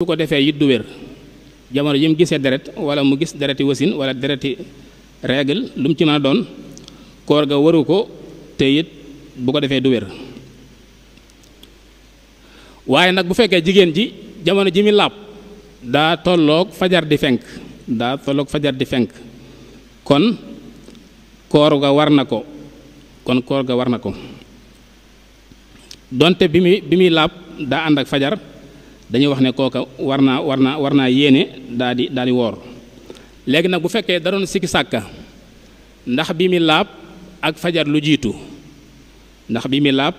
du ko defee it du wér jamono yi mu gisee deret wala mu gis dereti wasin wala dereti règle lu ci mën a doon koor ga waru ko te it bu ko defee du wér waaye nag bu fekkee jigéen ji jamono ji mi làpp daa tolloog fajar di fenk daa fajar di fenk kon koor ga war na ko kon koor ga war na ko donte bi muy muy làpp daa ànd ak fajar dañu wax ne kooka war naa war naa war naa yéene daal di woor léegi nag bu fekkee da doon sikki sàkka ndax bi mi laab ak fajar lu jiitu ndax bi mi laab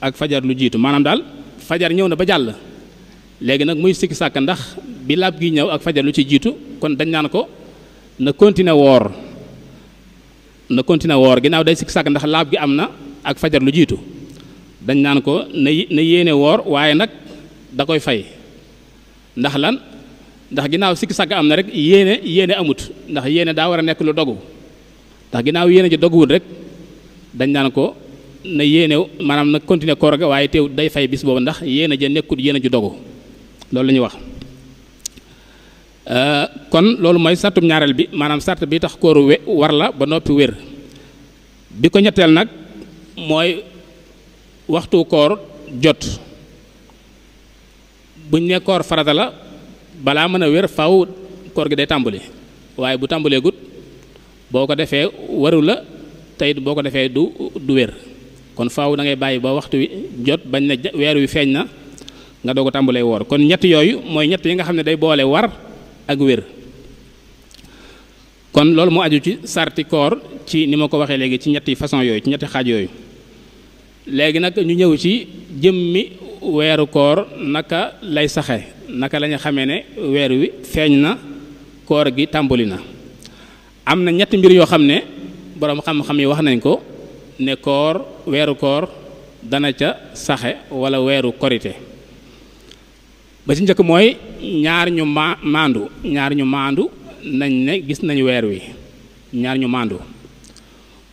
ak fajar lu jiitu maanaam daal fajar ñëw na ba jàll léegi nag muy sikki sàkka ndax bi laab gi ñëw ak fajar lu ci jiitu kon dañ naan ko na continuer woor na continuer woor ginnaaw day sikki sàkka ndax laab gi am na ak fajar lu jiitu dañ naan ko na na yéene woor waaye nag da koy fay ndax lan ndax ginnaaw sikki sàkk am na rek yéene yéene amut ndax yéene daa war a nekk lu dogu ndax ginnaaw yéene ji doguwul rek dañ naan ko na yéene maanaam na continuer koor ga waaye teew day fay bis boobu ndax yéene ja nekkut yéene ju dogu loolu la ñuy wax euh, kon loolu mooy sartum ñaareel bi maanaam sart bi tax kóoru we war la ba noppi wér bi ko ñetteel nag mooy waxtu koor jot buñ ne koor farata la balaa mën a wér faw koor gi day tàmbali waaye bu tàmbalee gut boo ko defee waru la tey boo ko defee du du wér kon faw da ngay bàyyi ba waxtu wi jot bañ na weer wi feeñ na nga doog ko tàmbalee woor kon ñett yooyu mooy ñett yi nga xam ne day boole war ak wér kon loolu moo aju ci sarti koor ci ni ma ko waxee léegi ci ñetti façon yooyu ci ñetti xaaj yooyu léegi nag ñu ñëw ci jëmmi weeru koor naka lay saxe naka lañu xamee ne weer wi feeñ na koor gi tàmbali na am na ñetti mbir yoo xam ne boroom xam-xam yi wax nañ ko ne koor weeru koor dana ca saxe walla weeru korite ba ci njëkk mooy ñaar ñu ma maandu ñaar ñu maandu nañ ne gis nañ weer wi ñaar ñu maandu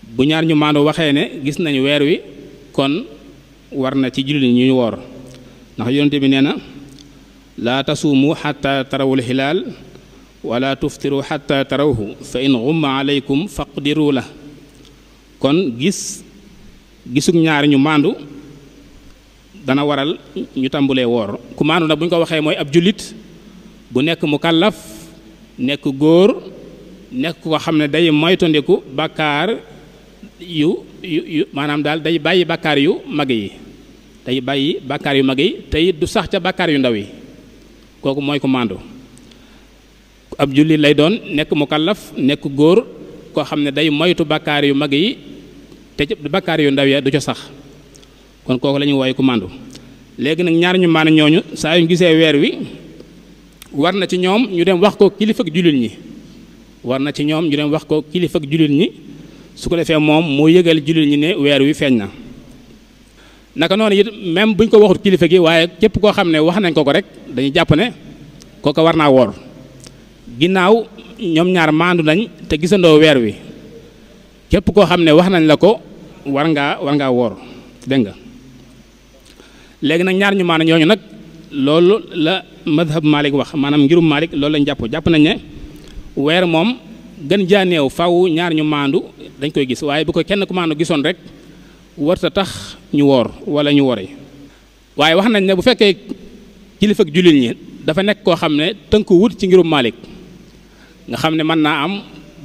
bu ñaar ñu maandu waxee ne gis nañu weer wi kon war na ci jullit ñuy woor ndax yonente bi nee na laa tasuumu xata tarawul xilaal wala tuftiru xata tarawhu fa in xumma aleykum faqdiru la kon gis gisug ñaar ñu maandu dana waral ñu tàmbulee woor ku maandu nag bu ñu ko waxee mooy ab jullit bu nekk mu kàllaf nekk góor nekk ko xam ne day moytandiku bàkkaar yu yu maanaam daal day bàyyi bàkkaar yu mag yi tey bàyyi bàkkaar yu mag yi tey du sax ca bàkkaar yu ndaw yi kooku mooy ku màndu ab jullit lay doon nekk mukallaf nekk góor koo xam ne day moytu bàkkaar yu mag yi te bàkkaar yu ndaw ya du ca sax kon kooku lañuy ñuy wooye ku màndu léegi nag ñaar ñu maana ñooñu saa yu gisee weer wi war na ci ñoom ñu dem wax ko kilifa ak jullit ñi war na ci ñoom ñu dem wax ko kilifa ak ñi su ko defee moom moo yëgal jullit ñi ne weer wi feeñ na naka noonu it même buñ ko waxut kilifa gi waaye képp koo xam ne wax nañ ko ko rek dañuy jàpp ne kooka war naa woor ginnaaw ñoom ñaar maandu nañ te gisandoo weer wi képp koo xam ne wax nañ la ko war ngaa war ngaa woor dégg nga léegi nag ñaar ñu maanaam ñooñu nag loolu la madhab Malik wax maanaam ngirum Malik loolu lañ jàpp jàpp nañ ne weer moom gën jaaneew faw ñaar ñu maandu dañ koy gis waaye bu ko kenn ku maandu gisoon rek war sa tax ñu woor wala ñu wori waaye wax nañ na bu fekkee kilifa ak jullit ñi dafa nekk koo xam ne tënku wut ci ngirum Maalik nga xam ne mën naa am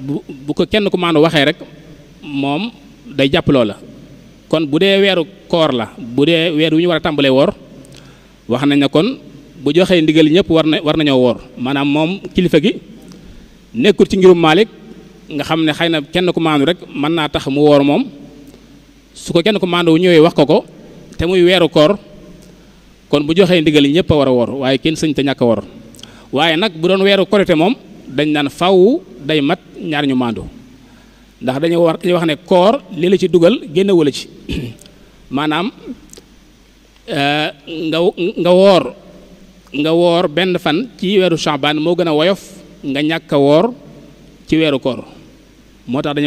bu bu ko kenn ku maanu waxee rek moom day jàpp loola kon bu dee weeru koor la bu dee weer wu ñu war a tàmbalee woor wax nañ ne kon bu joxee ndigal ñëpp war na war nañoo woor maanaam moom kilifa gi nekkul ci ngirum Maalik nga xam ne xëy na kenn ku maanu rek mën naa tax mu woor moom su ko kenn ko màndu wu ñëwee wax ko ko te muy weeru koor kon bu joxee ndigal ñëpp a war a wor waaye kenn sëñ te ñàkk a waaye nag bu doon weeru korite moom dañ naan faw day mat ñaar ñu ndax dañu war dañuy wax ne koor li la ci dugal génne ci maanaam eh, nga nga woor nga woor benn fan ci weeru Shaaban moo gën a woyof nga ñàkk a woor ci weeru koor moo tax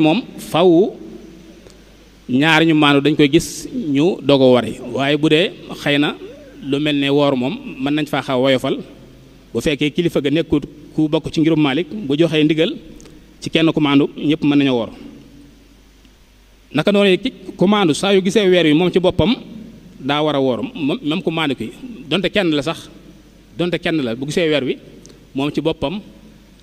moom faw ñaar ñu maandu dañ koy gis ñu dogo wari waaye bu dee xëy na lu mel ne woor moom mën nañ faa xaw woyofal bu fekkee kilifa ga nekkut ku bokk ci ngirum Maalik bu joxee ndigal ci kenn ku maandu ñëpp mën nañoo woor naka noonu ku maandu saa yu gisee weer wi moom ci boppam daa war a woor moom même ku maandu ki donte kenn la sax donte kenn la bu gisee weer wi moom ci boppam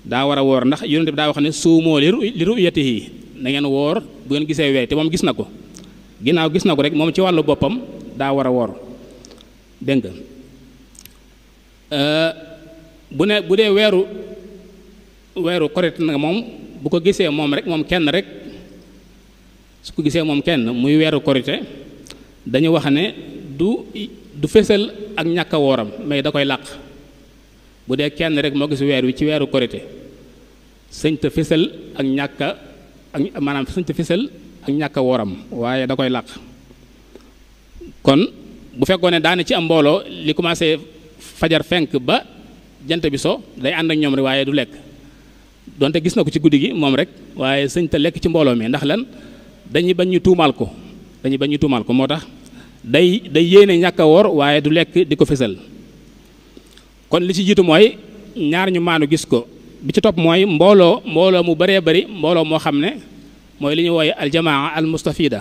daa war a woor ndax yonent bi daa wax ne suumoo li ru'yatihi na ngeen woor bu ngeen gisee weer te moom gis na ko ginnaaw gis na ko rek moom ci wàllu boppam daa war a woor dégg nga euh, bu ne bu dee weeru weeru korit nag moom bu ko gisee moom rek moom kenn rek su ko gisee moom kenn muy weeru korite dañu wax ne du du fësal ak ñàkk wooram mais da koy làq bu dee kenn rek moo gis weer wi ci weeru korite sëñta fësal ak ñàkk ak maanaam sëñta fësal ak ñàkk woram waaye da koy làq kon bu fekkoon ne daane ci am mbooloo li commencé fajar fenk ba jant bi so day ànd ak ñoom rek waaye du lekk donte gis na ko ci guddi gi moom rek waaye sëñta lekk ci mbooloo mi ndax lan dañuy bañ ñu tuumaal ko dañuy bañ ñu tuumaal ko moo tax day day yéene ñàkk woor waaye du lekk di ko fësal kon li ci jiitu mooy ñaar ñu maanu gis ko bi ci topp mooy mbooloo mbooloo mu baree bari mbooloo moo xam ne mooy li ñu wooye aljamaa al mustafida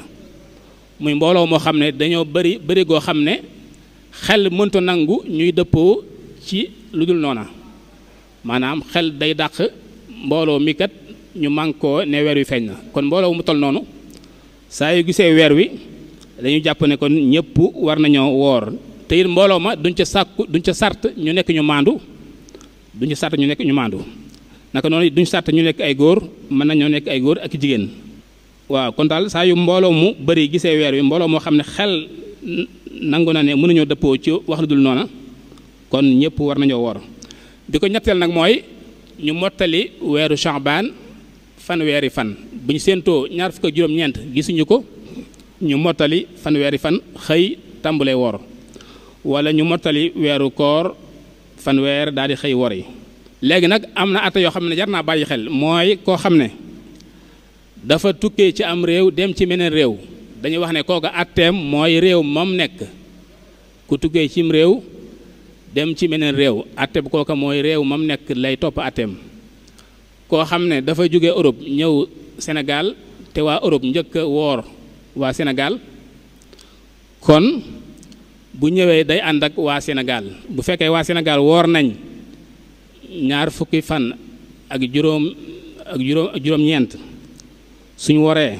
muy mbooloo moo xam ne dañoo bari bari goo xam ne xel mënta nangu ñuy dëppoo ci lu dul noona maanaam xel day dàq mbooloo mi kat ñu mànkoo ne weer wi feeñ na kon mbooloo mu toll noonu saa yu gisee weer wi dañu jàpp ne kon ñëpp war nañoo woor te mbooloo ma duñ ca sàkku duñ ca sart ñu nekk ñu maandu duñ ca sart ñu nekk ñu maandu naka noonu duñ sart ñu nekk ay góor mën nañoo nekk ay góor ak jigéen waaw kon daal saa yu mbooloo mu bëri gisee weer wi mbooloo moo xam ne xel nangu na ne mënuñoo dëppoo ci wax lu dul noona kon ñëpp war nañoo woor bi ko ñetteel nag mooy ñu mottali weeru Sha'ban fanweeri fan bu séentoo ñaar fukk ak juróom-ñeent gisuñu ko ñu mottali fanweeri fan xëy tàmbalee woor wala ñu mottali weeru koor fanweer daal di xëy wor yi léegi nag am na ata yoo xam ne jar naa bàyyi xel mooy koo xam ne dafa tukkee ci am réew dem ci meneen réew dañuy wax ne kooka atteem mooy réew moom nekk ku tukkee cim réew dem ci meneen réew atte bu kooka mooy réew moom nekk lay topp atteem koo xam ne dafa jóge Europe ñëw senegal te waa Europe njëkk woor waa Sénégal kon bu ñëwee day ànd ak waa Sénégal bu fekkee waa Sénégal woor nañ ñaar fukki fan ak juróom ak juróom juróom-ñeent suñ woree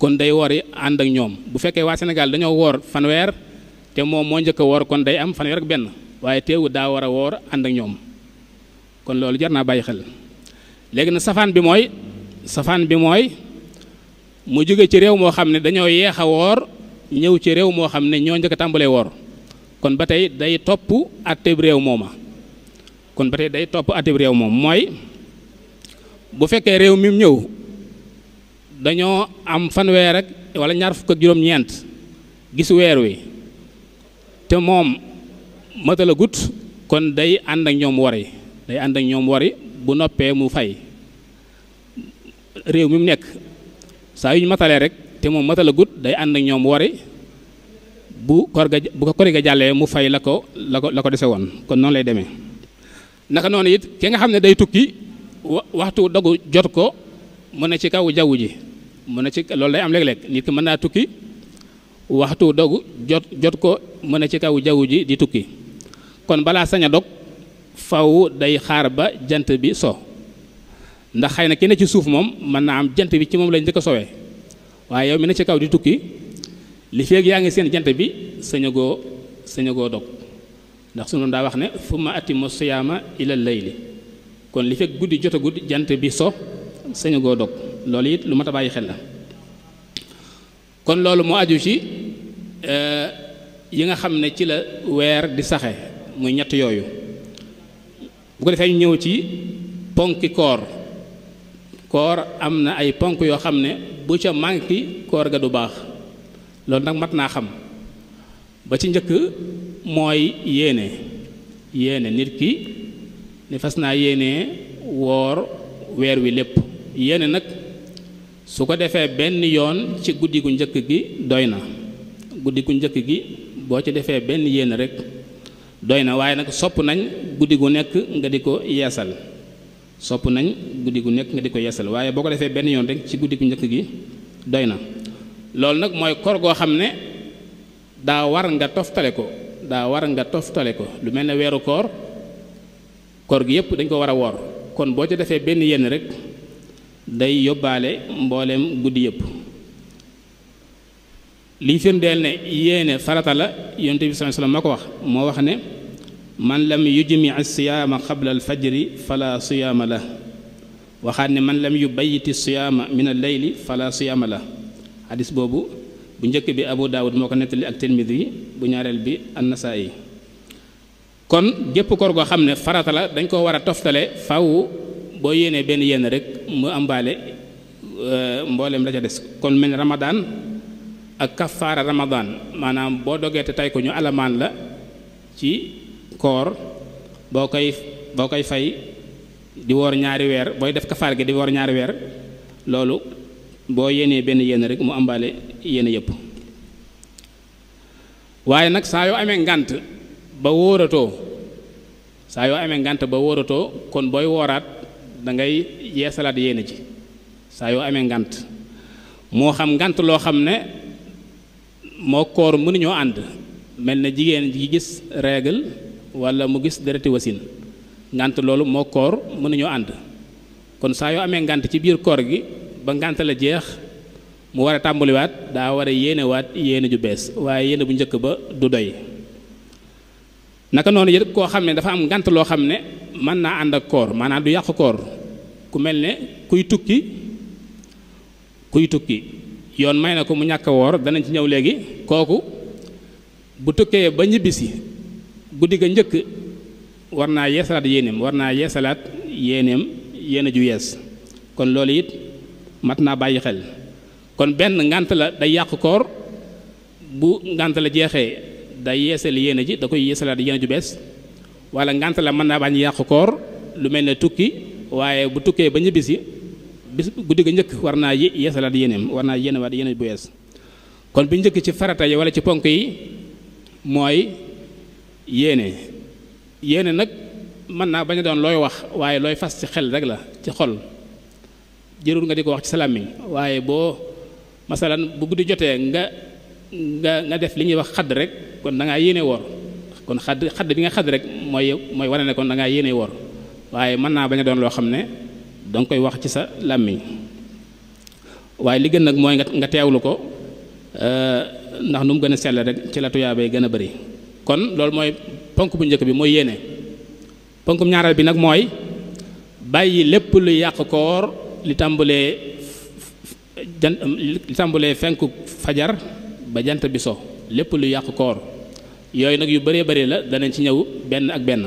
kon day wori ànd ak ñoom bu fekkee waa Sénégal dañoo woor fanweer te moom moo njëkk a woor kon day am fanweer ak benn waaye teewu daa war a woor ànd ak ñoom kon loolu jar naa bàyyi xel léegi na safaan bi mooy safaan bi mooy mu jóge ci réew moo xam ne dañoo yeex a woor ñëw ci réew moo xam ne ñoo njëkk a tàmbalee woor kon ba tey day topp atteb réew mooma kon ba tey day topp atteb réew moom mooy bu fekkee réew mi ñëw dañoo am fanweer rek wala ñaar fukk ak juróom-ñeent gis weer wi te moom matala gut kon day ànd ak ñoom wari day ànd ñoom wari bu noppee mu fay réew mi mu nekk saa yu ñu matalee rek te moom matala gut day ànd ak ñoom wari bu koor ga bu ko kori ga jàllee mu fay la ko la ko la ko dese woon kon noonu lay demee naka noonu it ki nga xam ne day tukki waxtu dogu jot ko mën na ci kaw jaww ji mën na ci loolu am léeg-léeg nit mën naa tukki waxtu dogu jot jot ko mën na ci kaw jaww ji di tukki kon balaa sañ a dog faw day xaar ba jant bi so ndax xëy na ki ne ci suuf moom mën naa am jant bi ci moom lañ njëkk a sowee waaye yow mi ne ci kaw di tukki li feeg yaa ngi seen jant bi sañagoo sañagoo dog ndax sunu daa wax ne thumma atimu siyaama ila layli kon li fekk guddi jot a guddi jant bi so sañagoo dog loolu it lu mat a bàyyi xel la kon loolu moo aju ci eh, yi nga xam ne ci la weer di saxe muy ñett yooyu bu ko defee ñëw ci ponki koor koor am na ay ponk yoo xam ne bu ca manki koor ga du baax loolu nag mat naa xam ba ci njëkk mooy yéene yéene nit ki ni naa yéene woor weer wi lépp yéene nag su ko defee benn yoon ci guddi gu njëkk gi doy na guddi gu njëkk gi boo ci defee benn yéene rek doy na waaye nag sopp nañ guddi gu nekk nga di ko yeesal sopp nañ guddi gu nekk nga di ko yeesal waaye boo ko defee benn yoon rek ci guddi gu njëkk gi doy na loolu nag mooy koor goo xam ne daa war nga toftale ko daa war nga toftale ko lu mel ne weeru koor koor gi yépp dañ ko war a woor kon boo ci defee benn yenn rek day yóbbaale mbooleem guddi yépp lii firndeel ne yéene farata la yonte bi sallallahu alayhi ko wax moo wax ne man lam yujmi siyaama qabla alfajri fala siyaama la waxaat ne man lam yubayyiti siyaama min al layli fala siyaama la xadis boobu bu njëkk bi abu daawud moo ko nettali ak tirmidi yi bu ñaareel bi annasaa yi kon gépp koor goo xam ne farata la dañ koo war a toftale faw boo yéenee benn yéen rek mu ambaale euh, mboolem la ca des kon mel ramadaan ak kafaara ramadaan maanaam boo dogee te tey ko ñu alamaan la ci koor boo koy boo koy fay di woor ñaari weer booy def kafaar gi di woor ñaari weer loolu boo yéenee benn yéene rek mu ambale yéene yëpp waaye nag saa yoo amee ngànt ba wóoratoo saa yoo amee ngànt ba wóoratoo kon booy wooraat dangay ngay yeesalaat yéene ji saa yoo amee ngànt moo xam ngànt loo xam ne moo koor mënuñoo ànd mel na jigéen ji gis règle walla mu gis dereti wasin ngànt loolu moo koor mënuñoo ànd kon saa yoo amee ngànt ci biir koor gi ba la jeex mu war a tàmbaliwaat daa war a yéenewaat yéene ju bees waaye yéene bu njëkk ba du doy naka noonu yëpp koo xam ne dafa am ngànt loo xam ne mën naa ànd ak koor maanaam du yàq koor ku mel ne kuy tukki kuy tukki yoon may na ko mu ñàkk woor danañ ci ñëw léegi kooku bu tukkee ba ñibbisi guddi ga njëkk war naa yeesalaat yéeneem war naa yeesalaat yéeneem yéene ju yees kon loolu it mat naa bàyyi xel kon benn ngànt la da yàq koor bu ngànt la jeexee da yeesal yéene ji da koy yeesalaat yéene ju bees wala ngànt la mën naa bañ yàqu koor lu mel ne tukki waaye bu tukkee ba ñibbisi bis guddi ga njëkk war naa yeesalaat yéeneem war naa yéene waat yéene bu yees kon bi njëkk ci farata yi wala ci ponk yi mooy yéene yéene nag mën naa bañ a doon looy wax waaye looy fas ci xel rek la ci xol jërul nga di ko wax ci sa làmmiñ waaye boo masalan bu guddi jotee nga nga nga def li ñuy wax xadd rek kon da ngaa yéene woor kon xadd xadd bi nga xadd rek mooy mooy wane ne kon da ngaa woor waaye mën naa bañ a doon loo xam ne danga koy wax ci sa làmmiñ waaye li gën nag mooy nga nga teewlu ko euh, ndax nu mu gën a sell rek ci la tuyaabay gën a bari kon loolu mooy ponk bu njëkk bi mooy yéene ponk ñaaral bi nag mooy bàyyi lépp lu yàq koor li tàmbalee jant li tàmbalee fenku fajar ba jant bi so lépp lu yàq koor yooyu nag yu bëree bëri la danañ ci ñëw benn ak benn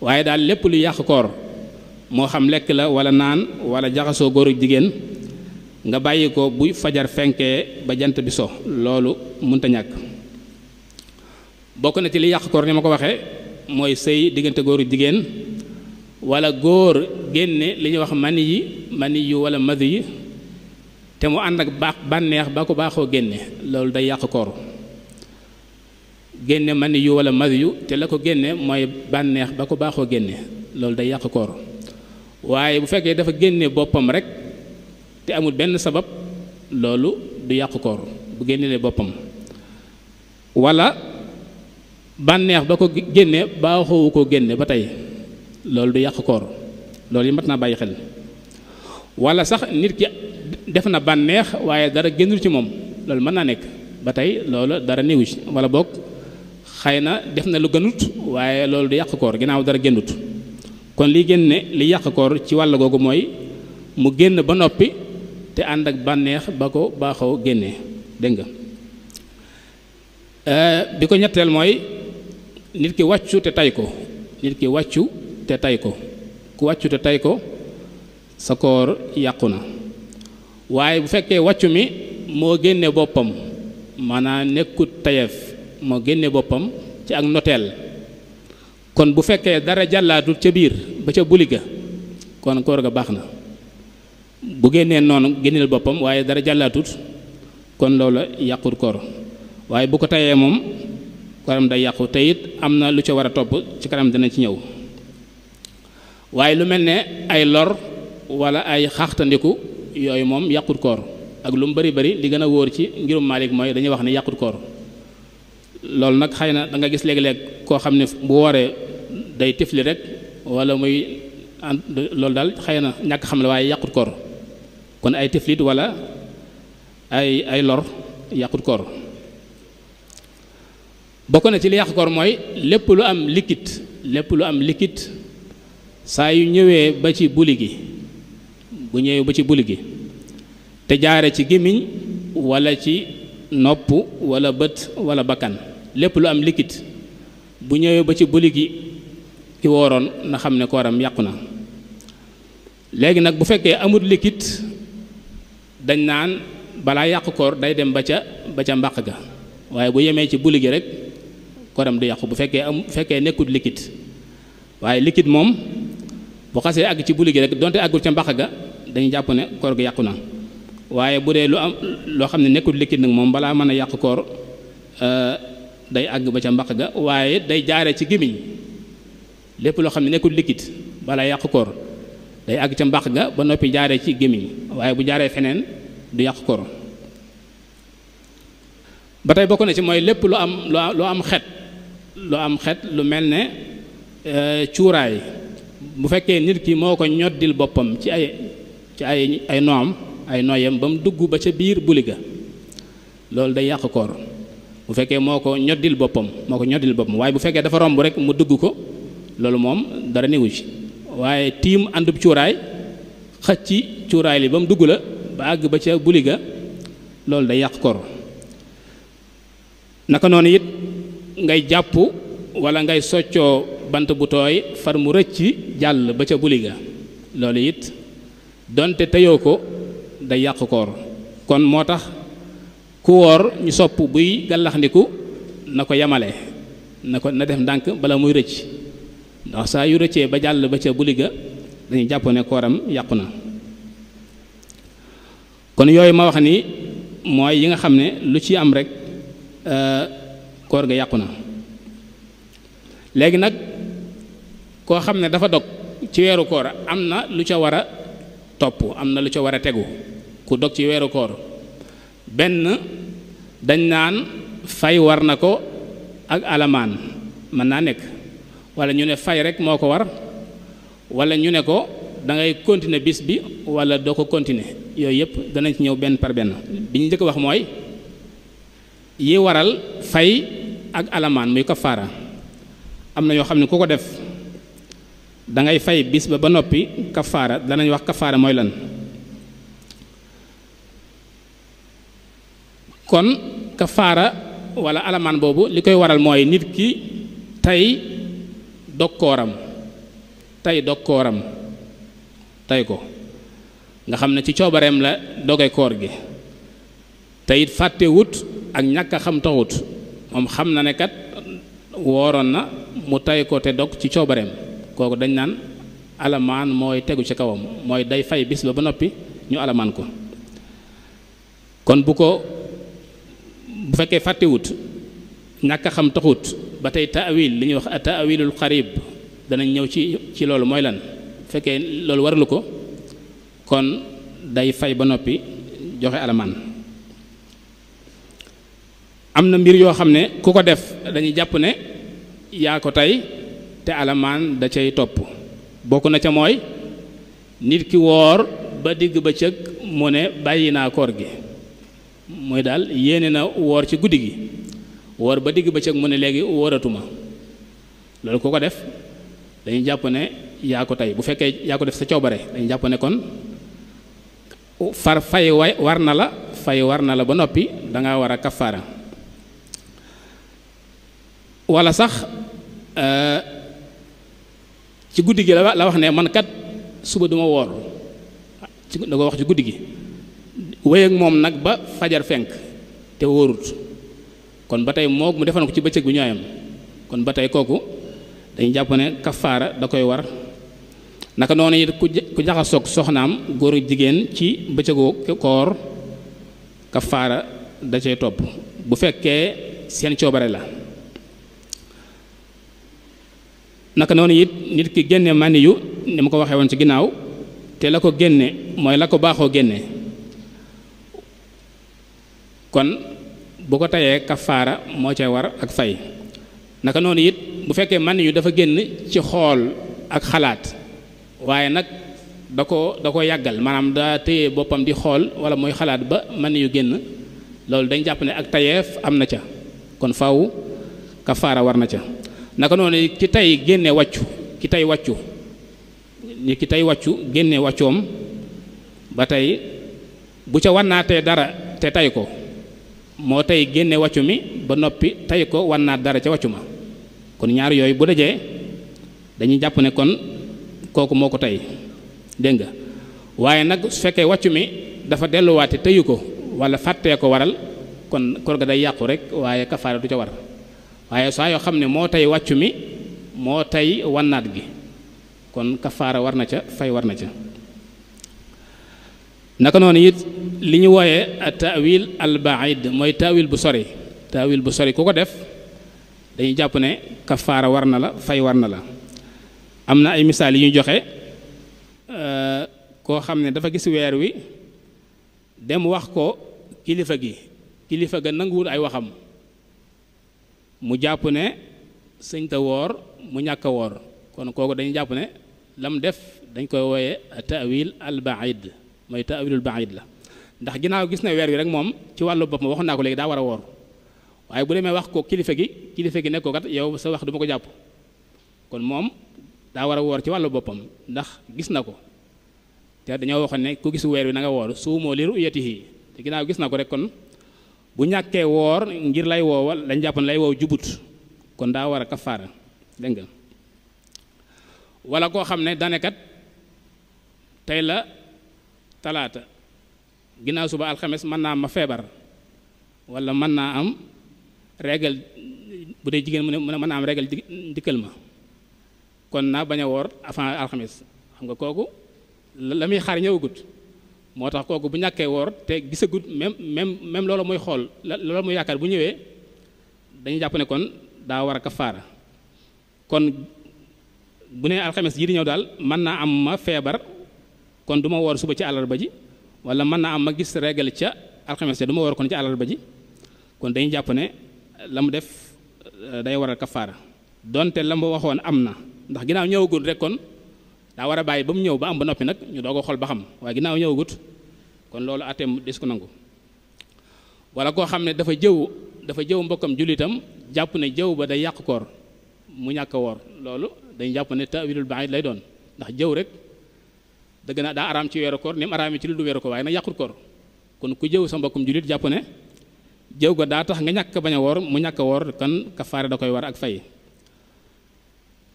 waaye daal lépp lu yàq koor moo xam lekk la wala naan wala jaxasoo góor jigéen nga bàyyi ko bu fajar fenkee ba jant bi so loolu munta ñàkk bokk na ci li yàq koor ni ma ko waxee mooy sëy diggante góoru jigéen walla góor génne li ñuy wax mani yi mani yu walla madu yi te mu ànd ak baax bànneex ba ko baaxoo génne loolu day yàq koor génne mani yu wala madu yu te la ko génne mooy bànneex ko baaxoo génne loolu day yàq koor waaye bu fekkee dafa génne boppam rek te amul benn sabab loolu du yàq koor bu génnee boppam wala bànneex ba ko génne baaxoowu koo génne ba tey loolu du yàq koor loolu yi mat naa bàyyi xel walla sax nit ki def na bànneex waaye dara génnul ci moom loolu mën naa nekk ba tey loolu dara néewu ci wala boog xëy na def na lu gënut waaye loolu du yàq koor ginnaaw dara génnut kon lii génne li yàq koor ci wàll googu mooy mu génn ba noppi te ànd ak bànneex ba ko baaxoo génne dégg nga euh, bi ko ñetteel mooy nit ki wàccu te tay ko nit ki wàccu te tey ko ku wàccu te tay ko sa koor yàqu na waaye bu fekkee wàccu mi moo génne boppam maanaam nekkut tayeef moo génne boppam ci ak noteel kon bu fekkee dara jàllaatul ca biir ba ca buliga kon koor ga baax na bu génnee noonu génneel boppam waaye dara jàllaatut kon loola yàqut koor waaye bu ko tayee moom koram day yàqu te it am na lu ca war a topp ci kanam dina ci ñëw waaye lu mel ne ay lor wala ay xaxtandiku yooyu moom yàqut koor ak lu mu bari bari li gën a wóor ci ngirum Maalik mooy dañuy wax ne yàqut koor loolu nag xëy na da nga gis léeg-léeg koo xam ne bu wooree day tifli rek wala muy loolu daal xëy na ñàkk xam la waaye yàqut koor kon ay tiflit wala ay ay lor yàqut koor bokk mooy lépp lu am liquide lépp lu am liquide saa yu ñëwee ba ci buli gi bu ñëwee ba ci buli gi te jaare ci gémmiñ walla ci nopp walla bët wala bakkan lépp lu am liquide bu ñëwee ba ci buli gi ki wooroon na xam ne kooram yàqu na léegi nag bu fekkee amut liquide dañ naan balaa yàqu koor day dem ba ca ba ca mbàq ga waaye bu yemee ci buli gi rek kooram du yàqu bu fekkee am bu fekkee nekkul liquide waaye liquide moom bu xasee àgg ci buli gi rek donte àggul ca mbax ga dañuy jàpp ne koor gi yàqu na waaye bu dee lu am loo xam ne nekkul liquide nag moom balaa mën a yàq euh, day àgg ba ca mbax ga waaye day jaare ci gémmiñ lépp loo xam ne nekkul liquide balaa yàq koor day àgg ca mbax ga ba noppi jaaree ci gémmiñ waaye bu jaaree feneen du yàq koor ba tey bokk na ci mooy lépp lu am lu am xet lu am xet lu mel ne euh, cuuraay bu fekkee nit ki moo ko ñoddil boppam ci ay ci ay ay noam ay noyam ba mu dugg ba ca biir buli ga loolu day yàq koor bu fekkee moo ko ñoddil boppam moo ko ñoddil boppam waaye bu fekkee dafa romb rek mu dugg ko loolu moom dara newu ci waaye tiim àndub cuuraay xëcc ci cuuraay li ba mu dugg la ba àgg ba ca buli ga loolu day yàq koor naka noonu it ngay jàpp wala ngay soccoo bant bu tooy far mu rëcc jàll ba ca buli ga loolu it donte teyoo ko day yàq koor kon moo tax ku woor ñu sopp buy gàllaxndiku na ko yamale na ko na def ndànk bala muy rëcc ndax saa yu rëccee ba jàll ba ca buli ga dañuy jàpp ne kooram yàqu na kon yooyu ma wax ni mooy yi nga xam ne lu ci am rek euh, koor ga yàqu na léegi nag koo xam ne dafa dog ci weeru koor am na lu ca war a topp am na lu ca war a tegu ku dog ci weeru koor benn dañ naan fay war na ko ak alamaan mën naa nekk walla ñu ne fay rek moo ko war wala ñu ne ko dangay ngay continuer bis bi wala doo ko continuer yooyu yëpp danañ ci ñëw benn par benn bi ñu njëkk wax mooy yi waral fay ak alamaan muy kafaara am na yoo xam ne ku ko def dangay ngay fay bis ba ba noppi kafaara danañ wax kafaara mooy lan kon kafaara wala alamaan boobu li koy waral mooy nit ki tey dokkooram tey dokkooram tey ko nga xam ne ci coobareem la doge gi teyit fàttewut ak ñàkk a xam taxut moom xam na ne wooroon na mu tay ko te dog ci coobareem kooku dañ naan alamaan mooy tegu ci kawam mooy day fay bis ba ba noppi ñu alamaan ko kon bu ko bu fekkee fàttewut ñàkk xam taxut ba tey taawil li ñuy wax taawilul xarib danañ ñëw ci ci loolu mooy lan bu fekkee loolu waralu ko kon day fay ba noppi joxe alamaan am na mbir yoo xam ne ku ko def dañuy jàpp ne yaa ko tey te alamaan da cay topp bokk na ca mooy nit ki woor ba digg ba cëg mu ne bàyyi naa koor gi mooy daal yéene na woor ci guddi gi woor ba digg ba cëg mu ne léegi wooratuma loolu ku ko def dañuy jàpp ne yaa ko tey bu fekkee yaa ko def sa coobare dañuy jàpp ne kon far fay war na la fay war na la ba noppi da ngaa war a kafaara wala sax euh, ci guddi gi la wax ne man kat suba duma woor ci da ko wax ci guddi gi wéy moom nag ba fajar fenk te wóorut kon ba tey moo mu defan ko ci bëccëg bi ñooyam kon ba tey kooku dañu jàpp ne kafaara da koy war naka noonu it ku jaxasoog soxnaam góor jigéen ci bëccëgoo koor kafaara da cay topp bu fekkee seen coobare la naka noonu yit nit ki génne mani yu ni ma ko waxee woon ci ginnaaw te la ko génne mooy la ko baaxoo génne kon bu ko tayee kafaara moo cay war ak fay naka noonu it bu fekkee mani yu dafa génn ci xool ak xalaat waaye nag da ko da ko yàggal maanaam daa téye boppam di xool wala mooy xalaat ba mani yu génn loolu dañ jàpp ne ak tayeef am na ca kon faw kafaara war na ca naka noonu ki tey génne wàccu ki tey wàccu ni ki tey wàccu génne wàccoom ba tey bu ca wannaatee dara te tey ko moo tey génne wàccu mi ba noppi tey ko wannaat dara ca waccu ma kon ñaar yooyu bu dajee dañuy jàpp ne kon kooku moo ko tey dégg nga waaye nag su fekkee wàccu mi dafa delluwaate teyu ko wala fàttee ko waral kon kor ga day yàqu rek waaye kafaara du ca war waaye saa yoo xam ne moo tey wàccu mi moo tey wannaat gi kon kafaara war na ca fay war na ca naka noonu it li ñu wooyee taawil al mooy taawil bu sori taawil bu sori ku ko def dañuy jàpp ne kafaara war na la fay war na la am na ay misaal yi ñu joxe koo xam ne dafa gis weer wi dem wax ko kilifa gi kilifa ga nanguwul ay waxam mu jàpp ne sëñ ta woor mu ñàkk woor kon kooku dañu jàpp ne lam def dañ koy wooyee ta'wil al baid mooy ta'wilul baid la ndax ginnaaw gis na weer wi rek moom ci wàllu boppam waxoon naa ko léegi daa war a woor waaye bu demee wax ko kilifa gi kilifa gi nekkoo kat yow sa wax du ko jàpp kon moom daa war a woor ci wàllu boppam ndax gis na ko te dañoo waxoon ne ku gisu weer wi na nga woor suumoo li ru'yatihi te ginnaaw gis na ko rek kon bu ñàkkee woor ngir lay woowal dañ jàpp ne lay woow jubut kon daa war a kafaara dégg nga wala koo xam ne danekat tey la talaata ginnaaw suba alxames mën naa am ma feebar wala mën naa am regal bu dee jigéen mu ne mën naa am régal dikkal ma kon naa bañ a woor avant alxames xam nga kooku la muy xaar ñëwagut moo tax kooku bu ñàkkee woor te gisagut même même même loolu muy xool loolu mu yaakaar bu ñëwee dañuy jàpp ne kon daa war a kafaara kon bu nee alxames ji di ñëw daal mën naa am ma feebar kon du ma woor suba ci ba ji wala mën naa am ma gis régal ca alxames ja du ma woor kon ci àllarba ji kon dañuy jàpp ne la mu def euh, day war a kafaara donte la mu waxoon am na ndax ginnaaw ñëwagul rek kon daa war a bàyyi ba mu ñëw ba am ba noppi nag ñu doog ko xool ba xam waaye ginnaaw ñëwagut kon loolu mu des ko nangu wala koo xam ne dafa jëw dafa jëw mbokkam jullitam jàpp ne jëw ba day yàq koor mu ñàkk a woor loolu dañ jàpp ne tawilul baid lay doon ndax jëw rek dëgg na daa araam ci weeru koor ni mu araamee ci lu du weeru waaye nag yàqul koor kon ku jëw sa mbokkum jullit jàpp ne jëw ga daa tax nga ñàkk bañ a woor mu ñàkk a woor kan kafaare da koy war ak fay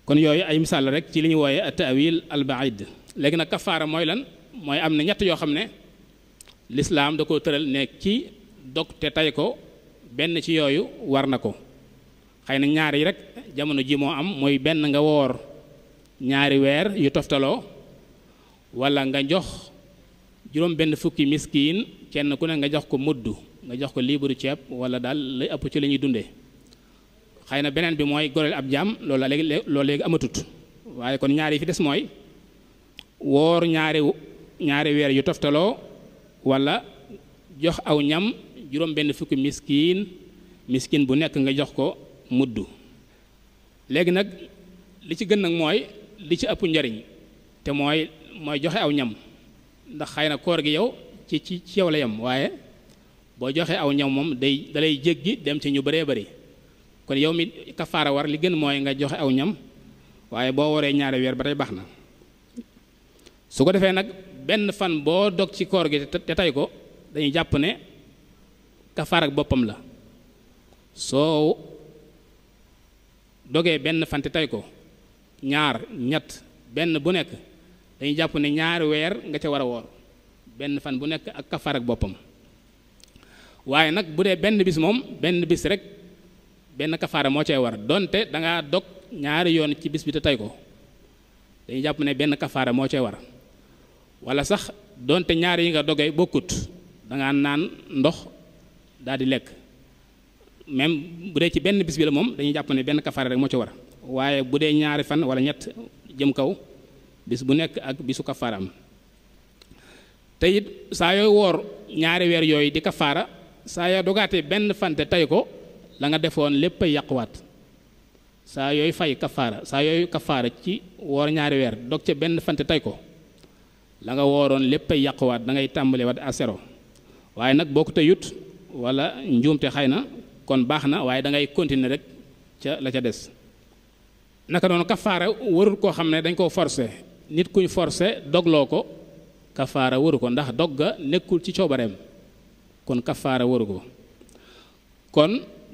kon yooyu ay misaal rek ci li ñu wooyee at-ta'wil al-ba'id léegi nag kafaara mooy lan mooy am na ñett yoo xam ne lislaam da koo tëral nekk ci dog te tay ko benn ci yooyu war na ko xëy na ñaar yi rek jamono ji moo am mooy benn nga woor ñaari weer yu toftaloo wala nga jox juróom benn fukki miskiin kenn ku ne nga jox ko mudd nga jox ko liibaru ceeb wala daal lay ëpp ci la ñuy dundee xay na beneen bi mooy goreel ab jaam loolu léegi loolu léegi amatut waaye kon ñaari yi fi des mooy woor ñaari ñaari weer yu toftaloo walla jox aw ñam juróom benn fukki miskiin miskin bu nekk nga jox ko muddu léegi nag li ci gën nag mooy li ci ëpp njariñ te mooy mooy joxe aw ñam ndax xëy na koor gi yow ci ci ci yow la yam waaye boo joxe aw ñam moom day dalay jéggi dem ci ñu baree bari kon yow mi kafaara war li gën mooy nga joxe aw ñam waaye boo waree ñaari weer ba tey baax na su ko defee nag benn fan boo dog ci koor gi te tey ko dañuy jàpp ne kafaara boppam la soo dogee benn fan te tey ko ñaar ñett benn bu nekk dañuy jàpp ne ñaari weer nga ca war a woor benn fan bu nekk ak kafaar ak boppam waaye nag bu dee benn bis moom benn bis rek benn kafaara moo cay war donte da dog ñaari yoon ci bis bi te tey ko dañuy jàpp ne benn kafaara moo cay wara wala sax donte ñaari yi nga dogee bokkut dangaa naan ndox daal di lekk même bu dee ci benn bis bi la moom dañuy jàpp ne benn kafaara rek moo ci war waaye bu dee ñaari fan wala ñett jëm kaw bis bu nekk ak bisu kafaaraam te it saa yooy woor ñaari weer yooyu di kafaara saa yoo dogaatee benn fan te tey ko. la nga defoon lépp ay yàquwaat saa yooyu fay kafaara saa yooyu kafaara ci woor ñaari weer dog ca benn fante tey ko la nga wooroon lépp ay yàquwaat da ngay tàmbale waat à zéro waaye nag boo ko teyut wala njuumte xay na kon baax na waaye da ngay continuer rek ca la ca des naka doon kafaara warul koo xam ne dañ koo forcé nit kuñ forcé dogloo ko kafaara waru ko ndax dog ga nekkul ci coobareem kon kafaara waru ko kon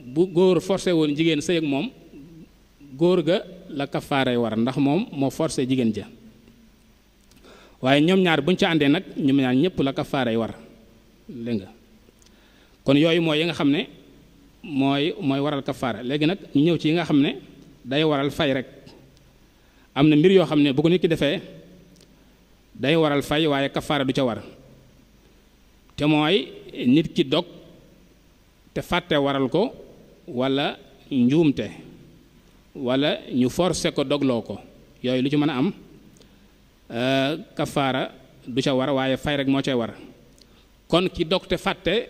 bu góor forcé woon jigéen sa ak moom góor ga la kafaaray war ndax moom moo forcé jigéen ja waaye ñoom ñaar buñ ca àndee nag ñoom ñaar ñëpp la kafaaray war dégg nga kon yooyu mooy yi nga xam ne mooy mooy waral kafaara léegi nag ñëw ci yi nga xam ne day waral fay rek am na mbir yoo xam ne bu ko nit ki defee day waral fay waaye kafaara du ca war te mooy nit ki dog te fàtte waral ko wala njuumte wala ñu forse ko dogloo ko yooyu lu ci mën a am euh, kafaara du ca war waaye fay rek moo cay war kon ki dog te fàtte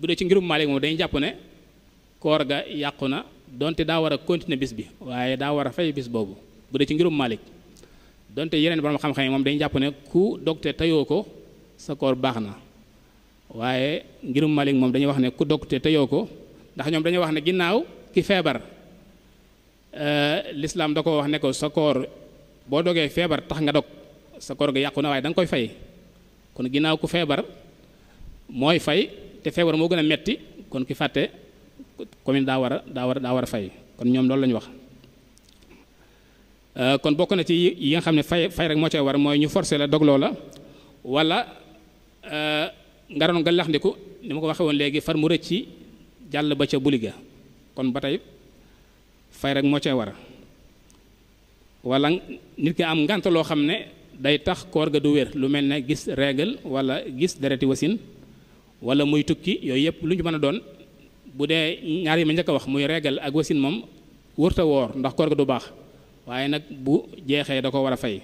bu dee ci ngirum Maalik moom dañuy jàpp ne koor ga yàqu na donte daa war a continuer bis bi waaye daa war a fay boobu bu dee ci ngirum Maalik donte yeneen borom xam yi moom dañuy jàpp ne ku dog teyoo ko sa koor baax na waaye ngirum Maalik moom dañuy wax ne ku dog teyoo ko ndax ñoom dañoo wax ne ginnaaw ki feebar euh, lislaam da ko wax ne ko sa koor boo dogee feebar tax nga dog sa koor ga yàqu na waaye da nga koy fay kon ginnaaw ku feebar mooy fay te feebar moo gën a metti kon ki fàtte commune daa war a daa war a daa war a fay kon ñoom loolu la ñu wax euh, kon bokk na ci yi nga xam ne fay fay rek moo cay war mooy ñu forcé la dogloo la wala euh, nga doon nga lax ndiku ma ko waxee woon léegi far mu rëcc jàll ba ca buliga kon ba tey fay rek moo cee wara walla wala nit ki am ngànt loo xam ne day tax koor ga du wér lu mel ne gis règle wala gis dereti wasin wala muy tukki yooyu yëpp lu ñu mën a doon bu dee ñaar yi ma njëkk a wax muy règle ak wasin moom wërta woor ndax koor ga du baax waaye nag bu jeexee da ko war a fay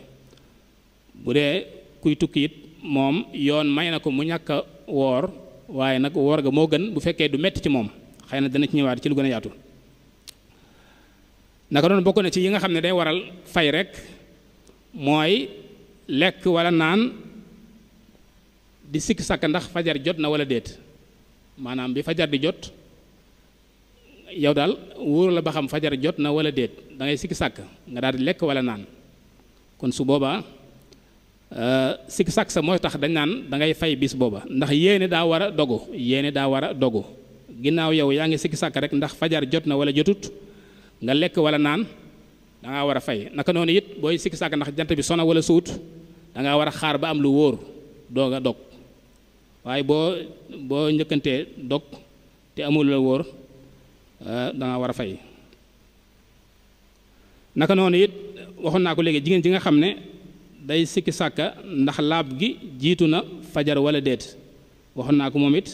bu dee kuy tukki it moom yoon may na ko mu ñàkk woor waaye nag woor ga moo gën bu fekkee du metti ci moom xëy na dana ci ñëwaat ci lu gën a yaatu naka noonu bokk na ci yi nga xam ne day waral fay rek mooy lekk walla naan di sikk sàkk ndax fajar jot na walla déet maanaam bi fajar di jot yow daal wóoru la ba xam fajar jot na walla déet dangay ngay sikki sàkk nga daal di lekk walla naan kon su boobaa Euh, sikk sàkk sa mooy tax dañ naan da ngay fay bis booba ndax yéene daa war a dogu yéene daa war a dogu ginnaaw yow yaa ngi sikk sàkk rek ndax fajar jot na wala jotut nga lekk wala naan da ngaa war a fay naka noonu it booy sikk sàkk ndax jant bi sona wala suut da ngaa war a xaar ba lu wóor doog a dog waaye boo boo njëkkantee dog te amul la wóor euh, da war a fay naka noonu naa ko léegi jigéen ji nga xam ne. day sikki sàkka ndax laab gi jiitu na fajar wala déet waxoon naa ko moom it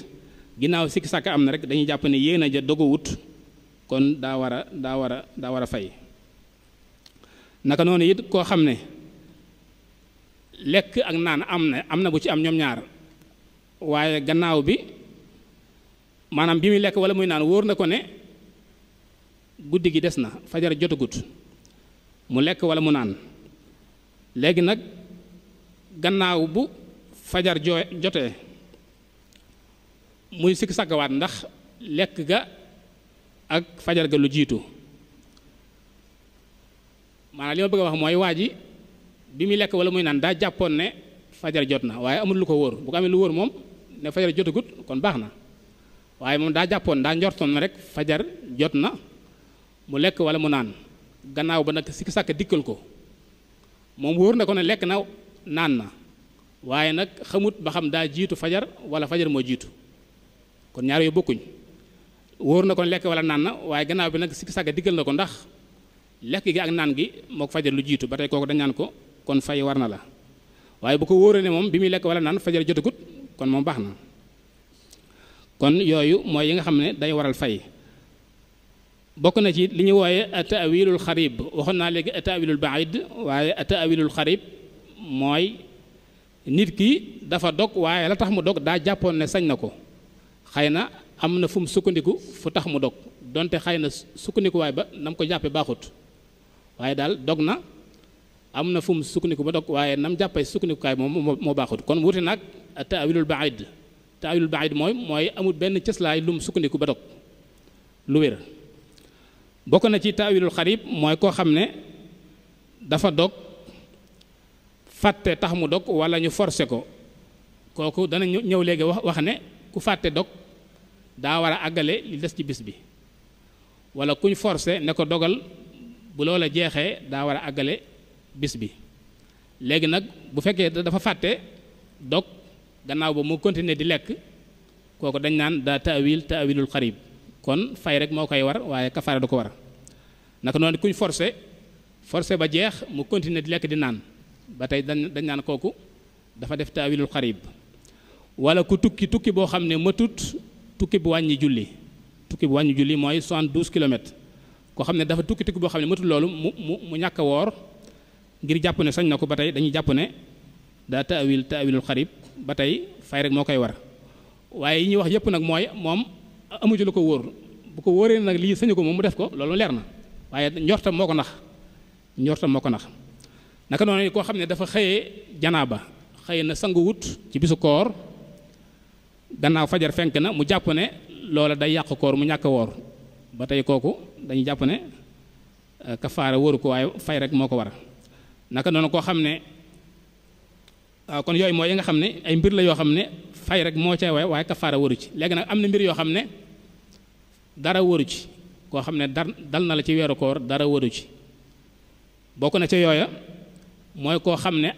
ginnaaw sikki sàkka am na rek dañuy jàpp ni yéen a ja dogu wut kon daa war a daa war a daa war a fay naka noonu it koo xam ne lekk ak naan am na am na bu ci am ñoom ñaar waaye gannaaw bi maanaam bi muy lekk wala muy naan wóor na ko ne guddi gi des na fajar jotagut mu lekk wala mu naan léegi nag gannaaw bu fajar jo jotee muy sikk sàkkawaat ndax lekk ga ak fajar ga lu jiitu maanaam li ma bëgg a wax mooy waa ji bi muy lekk wala muy naan daa jàppoon ne fajar jot na waaye amul lu ko wóor bu ko amee lu wóor moom ne fajar jotagut kon baax na waaye moom daa jàppoon daa njortoon na rek fajar jot na mu lekk wala mu naan gannaaw ba nag sikk sàkk dikkal ko moom wóor na ko ne lekk na naan na waaye nag xamut ba xam daa jiitu fajar wala fajar moo jiitu kon ñaar yooyu bokkuñ wóor na ko ne lekk wala naan na waaye gannaaw bi nag sikki sàgga diggal na ko ndax lekk gi ak naan gi moo ko fajar lu jiitu ba tey kooku dañ naan ko kon fay war na la waaye bu ko wóoree ne moom bi muy lekk wala naan fajar jotagut kon moom baax na kon yooyu mooy yi nga xam ne day waral fay bokk na ci li ñu wooye ataawilul xarib waxoon naa léegi ataawilul baid waaye ataawilul xarib mooy nit ki dafa dog waaye la tax mu dog daa jàppoon ne sañ na ko xëy na am na fu mu sukkandiku fu tax mu dog donte xëy na sukkandikuwaay ba na ko jàppee baaxut waaye daal dog na am na fu mu sukkandiku ba dog waaye nam jàppe sukkandikukaay moom moo baaxut kon wuute nag taawilul baid taawilul baid mooy mooy amul benn cëslaay lu mu sukkandiku ba dog lu bokk na ci taawilul xarib mooy koo xam ne dafa dog fàtte tax mu dog wala ñu forcé ko kooku dana ñëw léegi wax wax ne ku fàtte dog daa war a àggale li des ci bis bi wala kuñ forcé ne ko dogal bu loola jeexee daa war a àggale bis bi léegi nag bu fekkee dafa fàtte dog gannaaw ba mu continuer di lekk kooku dañ naan daa taawil taawilul xarib kon fay rek moo koy war waaye kafaara du ko war naka noonu kuñ forcé forcé ba jeex mu continuer di lekk di naan ba tey dañ dañ naan kooku dafa def taawilul xarib wala ku tukki tukki boo xam ne matut tukki bu wàññi julli tukki bu wàññi julli mooy 72 kilomètres koo xam ne dafa tukki tukki boo xam ne matut loolu mu mu mu ñàkk a woor ngir jàpp ne sañ na ko ba tey dañuy jàpp ne daa taawil taawilul xarib ba tey fay rek moo koy war waaye yi ñuy wax yépp nag mooy moom amu ci ko wóor bu ko wóoree nag lii sañu ko moom mu def ko loolu leer na waaye njortam moo ko nax njortam moo ko nax naka noonu koo xam ne dafa xëye janaa ba xëy na sangu ci bisu koor gannaaw fajar fenk na mu jàpp ne loola day yàq koor mu ñàkk woor ba tey kooku dañu jàpp ne kafaara wóoru ko waaye fay rek moo ko wara naka noonu koo xam ne waaw kon yooyu mooy yi nga xam ne ay mbir la yoo xam ne fay rek moo ca waaye waaye kafaara waru ci léegi nag am na mbir yoo xam ne dara waru ci koo xam ne dar dal na la ci weeru koor dara waru ci bokk na ca yooya mooy koo xam ne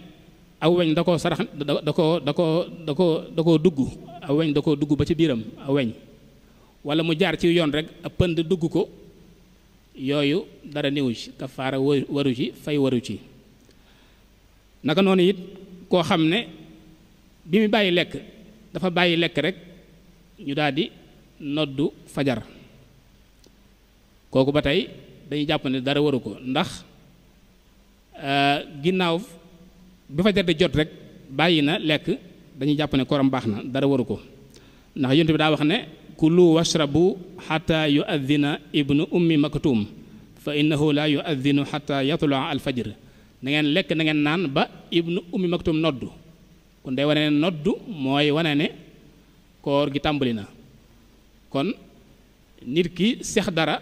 aweñ da koo sarax da koo da koo da koo da dugg aw weñ da koo dugg ba ci biiram aw weñ wala mu jaar ci yoon rek a pënd dugg ko yooyu dara néewu ci kafaara waru ci fay waru ci naka noonu it koo xam ne bi mu bàyyi lekk dafa bàyyi lekk rek ñu daal di noddu fajar kooku ba tey dañuy jàpp ne dara waru ko ndax euh, ginnaaw bi fajar di jot rek bàyyi na lekk dañu jàpp ne koram baax na dara waru ko ndax yonent bi daa wax ne kulu washrabu xata yuaddina ibnu ummi maktum fa innahu la yuaddinu xata yatlua alfajr nangeen lekk na ngeen naan ba ibnu ummi maktum noddu kon day wane ne noddu mooy wane ne koor gi tàmbali na kon nit ki sex dara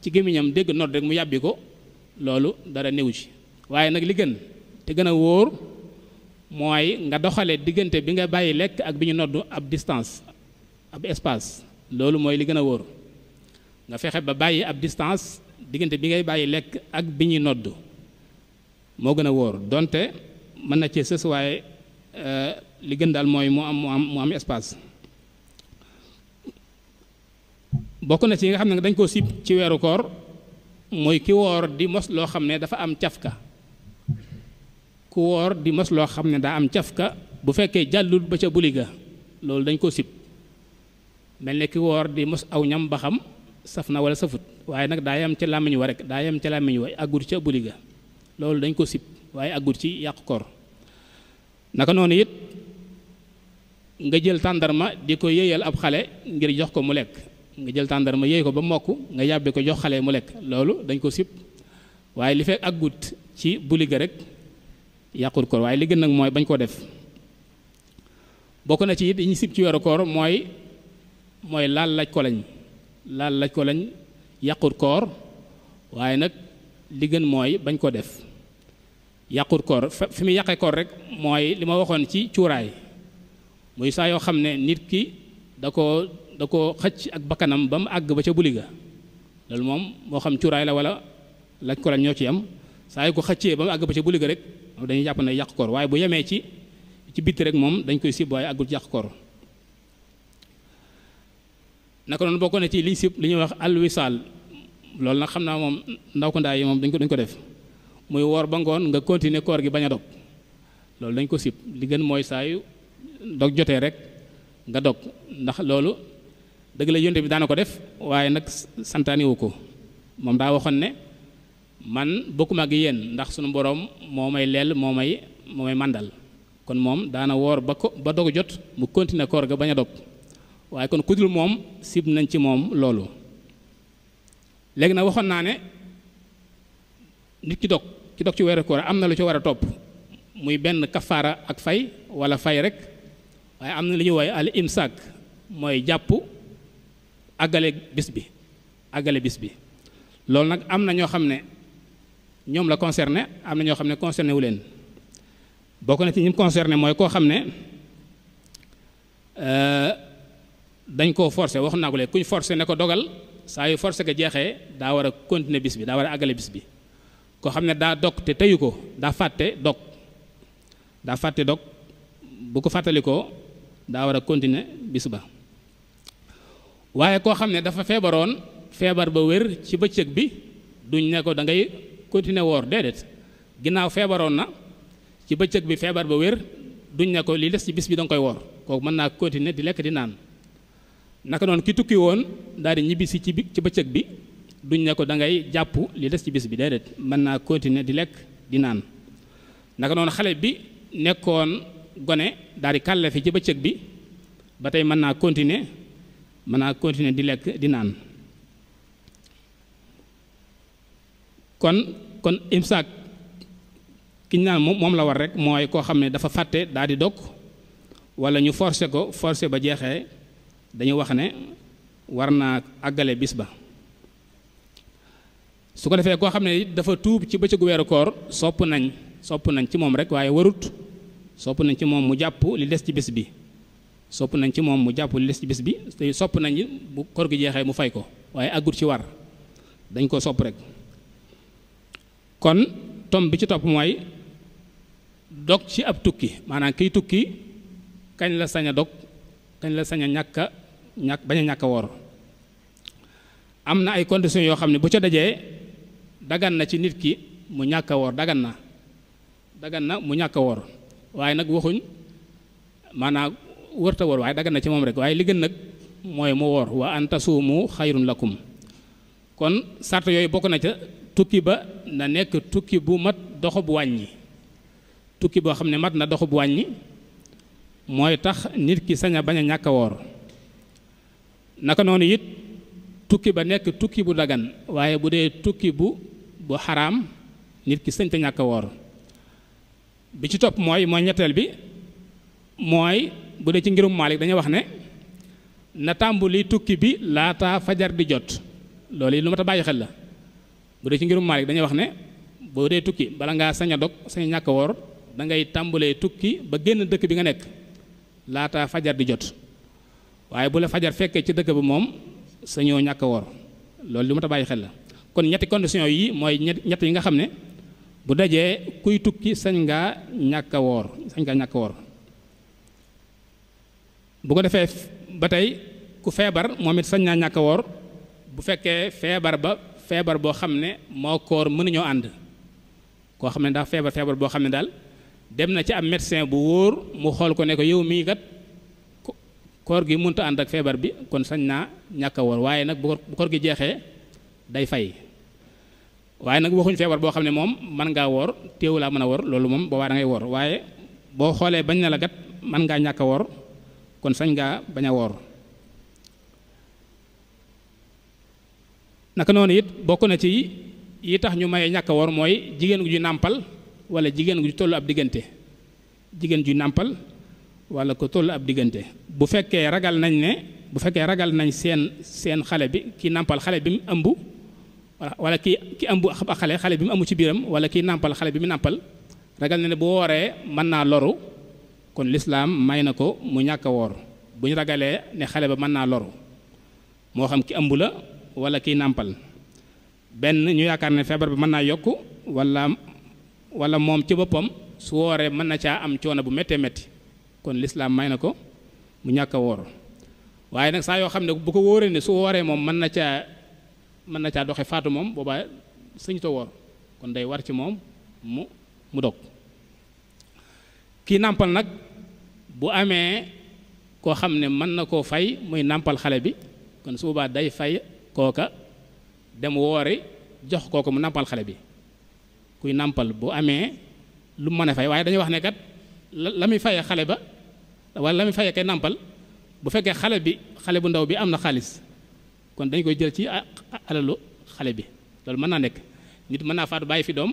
ci gémmiñam dégg nodd rek mu yàbbi ko loolu dara néew ci waaye nag li gën te gën a wóor mooy nga doxale diggante bi nga bàyyi lekk ak bi ñu nodd ab distance ab espace loolu mooy li gën a wóor nga fexe ba bàyyi ab distance diggante bi ngay bàyyi lekk ak bi ñuy nodd moo gën a woor donte mën na cee sës waaye euh, li gën daal mooy mu am mu am mu espace bokk na ci nga xam ne dañ koo sib ci weeru koor mooy ki woor di mos loo xam ne dafa am cafka ku woor di mos xam ne daa am cafka bu fekkee jàllut ba ca buliga loolu dañ koo sib mel ne ki woor di mos aw ñam ba xam saf na wala safut waaye nag daa yam ca làmmiñ wa rek daa yam ca làmmiñ wa àggul ca buliga loolu dañ ko sib waaye àggut ci yàq koor naka noonu it nga jël tàndarma di ko yéeyal ab xale ngir jox ko mu lekk nga jël tàndarma yeey ko ba mokk nga yàbbi ko jox xale mu lekk loolu dañ ko sib waaye li fekk gut ci buli ga rek yàqul koor waaye li gën nag mooy bañ koo def bokk na ci it ñu sib ci weeru koor mooy mooy laal laj ko lañ laal laj ko lañ yàqut koor waaye nag li gën mooy bañ ko def yàqut koor fi mu yàqee koor rek mooy li ma waxoon ci cuuraay muy saa yoo xam ne nit ki da ko da koo xëcc ak bakkanam ba mu àgg ba ca buli ga loolu moom moo xam cuuraay la wala lañ ko lañ ñoo ci am saa yu ko xëccee ba mu àgg ba ca buli ga rek dañuy jàpp ne yàq koor waaye bu yemee ci ci bitti rek moom dañ koy sib waaye àggul ci yàq koor naka noonu bokk ci liñ sib li ñuy wax alwisaal loolu nag xam naa moom ndaw ko ndaa yi moom dañ ko dañ ko def muy woor ba ngoon nga continuer koor gi bañ a dog loolu dañ ko sib li gën mooy saa yu dog jotee rek nga dog ndax loolu dëgg la bi daana ko def waaye nag santaani wu ko moom daa waxoon ne man bokkuma ak yéen ndax sunu boroom moo may leel moo may moo may màndal kon moom daana woor ba ko ba dog jot mu continuer koor ga bañ a dog waaye kon ku moom sib nañ ci moom loolu léegi nag waxoon naa ne nit ki dog ki dog ci war koor am na lu ci war a topp muy benn kafaara ak fay wala fay rek waaye am na lu ñuy wooye al imsaak mooy jàpp àggale bis bi àggale bis bi loolu nag am na ñoo xam ne ñoom la concerné am na ñoo xam ne concerné wu leen bokk na ci ñi concerné mooy koo xam ne euh, dañ koo forcé wax naa ko léegi kuñ forcé ne ko dogal saa yu forcé ga jeexee daa war a continuer bis bi daa war a àggale bis bi koo xam ne daa dog te teyu ko daa fàtte dog daa fàtte dog bu ko fàttalikoo daa war a continuer bis ba waaye koo xam ne dafa feebaroon feebar ba wér ci bëccëg bi duñ ne ko da ngay continuer woor déedéet ginnaaw feebaroon na ci bëccëg bi feebar ba wér duñ ne ko li des ci bis bi da nga koy woor kooku mën naa continuer di lekk di naan naka noonu ki tukki woon daal di ñibbisi ci ci bëccëg bi duñ ne ko dangay ngay jàpp li des ci bis bi day déedéet mën naa continuer di lekk di naan naka noonu xale bi nekkoon gone daal di kàllafe ci bëccëg bi ba tey mën naa continuer mën naa continuer di lekk di naan kon kon imsaak ki ñu naan moom la war rek mooy koo xam ne dafa fàtte daal di dog wala ñu forcer ko forcer ba jeexee dañu wax ne war naa àggale bis ba su ko defee koo xam ne dafa tuub ci bëccëgu weeru koor sopp nañ sopp nañ ci moom rek waaye warut sopp nañ ci moom mu jàpp li des ci bis bi sopp nañ ci moom mu jàpp li ci bis bi te sopp nañ bu koor gi jeexee mu fay ko waaye àggut ci war dañ koo sopp rek kon tom bi ci topp mooy dog ci ab tukki maanaam kiy tukki kañ la saña dog kañ la sañ a ñàkka ñàkk bañ a ñàkk woor am na ay conditions yoo xam ne bu ca dajee dagan na ci nit ki mu ñàkk woor dagan na dagan na mu ñàkk a woor waaye nag waxuñ maanaam wërta woor waaye dagan na ci moom rekk waaye li gën nag mooy mu woor wa an tasuumu xayrun lakum kon sart yooyu bokk na ca tukki ba na nekk tukki bu mat doxub wàññi tukki boo xam ne mat na doxub wàññi mooy tax nit ki saña bañ a ñàkk woor naka noonu it tukki ba nekk tukki bu dagan waaye bu dee tukki bu bu xaraam nit ki sëñta ñàkk a bi ci topp mooy mooy ñetteel bi mooy bu dee ci ngirum Maalik dañuy wax ne na tàmbuli tukki bi laata fajar di jot loolu yi lu ma ta bàyyi xel la bu dee ci ngirum Maalik dañuy wax ne boo dee tukki bala ngaa saña a dog sañ a ñàkk a da ngay tàmbalee tukki ba génn dëkk bi nga nekk laata fajar di jot waaye bu la fajar fekkee ci dëkk bi moom sañoo ñàkk a woor loolu li ma ta bàyyi xel la kon ñetti condition yi mooy ñett yi nga xam ne bu dajee kuy tukki sañ nga ñàkk a woor sañ ngaa ñàkk woor bu ko defee ba tey ku feebar moom it sañ naa ñàkk bu fekkee feebar ba feebar boo xam ne moo koor mën mënuñoo ànd koo xam ne daa feebar feebar boo xam ne daal dem na ci am médecin bu wóor mu xool ko ne ko yow mii kat koor gi mënta ànd ak feebar bi kon sañ naa ñàkka woor waaye nag bu koor gi jeexee day fay waaye nag waxuñ feebar boo xam ne moom man ngaa woor téewu laa mën a woor loolu moom boobaa da ngay woor waaye boo xoolee bañ na la gat man ngaa ñàkk a woor kon sañ ngaa bañ a woor naka noonu it bokk na ci yi tax ñu maye ñàkka a woor mooy jigéen ju nàmpal wala jigéen ju toll ab diggante jigéen ju nàmpal wala ko toll ab diggante bu fekkee ragal nañ ne bu fekkee ragal nañ seen seen xale bi ki nàmpal xale bi mu ëmb wala ki ki ëmb xale xale bi mu ëmb ci biiram wala ki nàmpal xale bi mu nàmpal ragal na ne bu wooree mën naa loru kon lislaam may na ko mu ñàkk a woor bu ragalee ne xale ba mën naa loru moo xam ki ëmb wala kiy nàmpal benn ñu yaakaar ne feebar bi mën naa yokk wala moom ci boppam su wooree mën na caa am coono bu méttee métti kon lislaam may na ko mu ñàkk woor waaye nag saa yoo xam ne bu ko wooree ne su wooree moom mën na caa mën na caa doxe faatu moom boobaa suñu to woor kon day war ci moom mu mu dog kii nàmpal nag bu amee koo xam ne mën na koo fay muy nàmpal xale bi kon su boobaa day fay kooka dem woori jox kooka mu nàmpal xale bi kuy nàmpal bu amee lu mu mën a fay waaye dañuy wax ne kat la muy faye xale ba wala la muy fayee kay nàmpal bu fekkee xale bi xale bu ndaw bi am na xaalis kon dañ koy jël ci alalu xale bi loolu mën naa nekk nit mën naa faatu bàyyi fi doom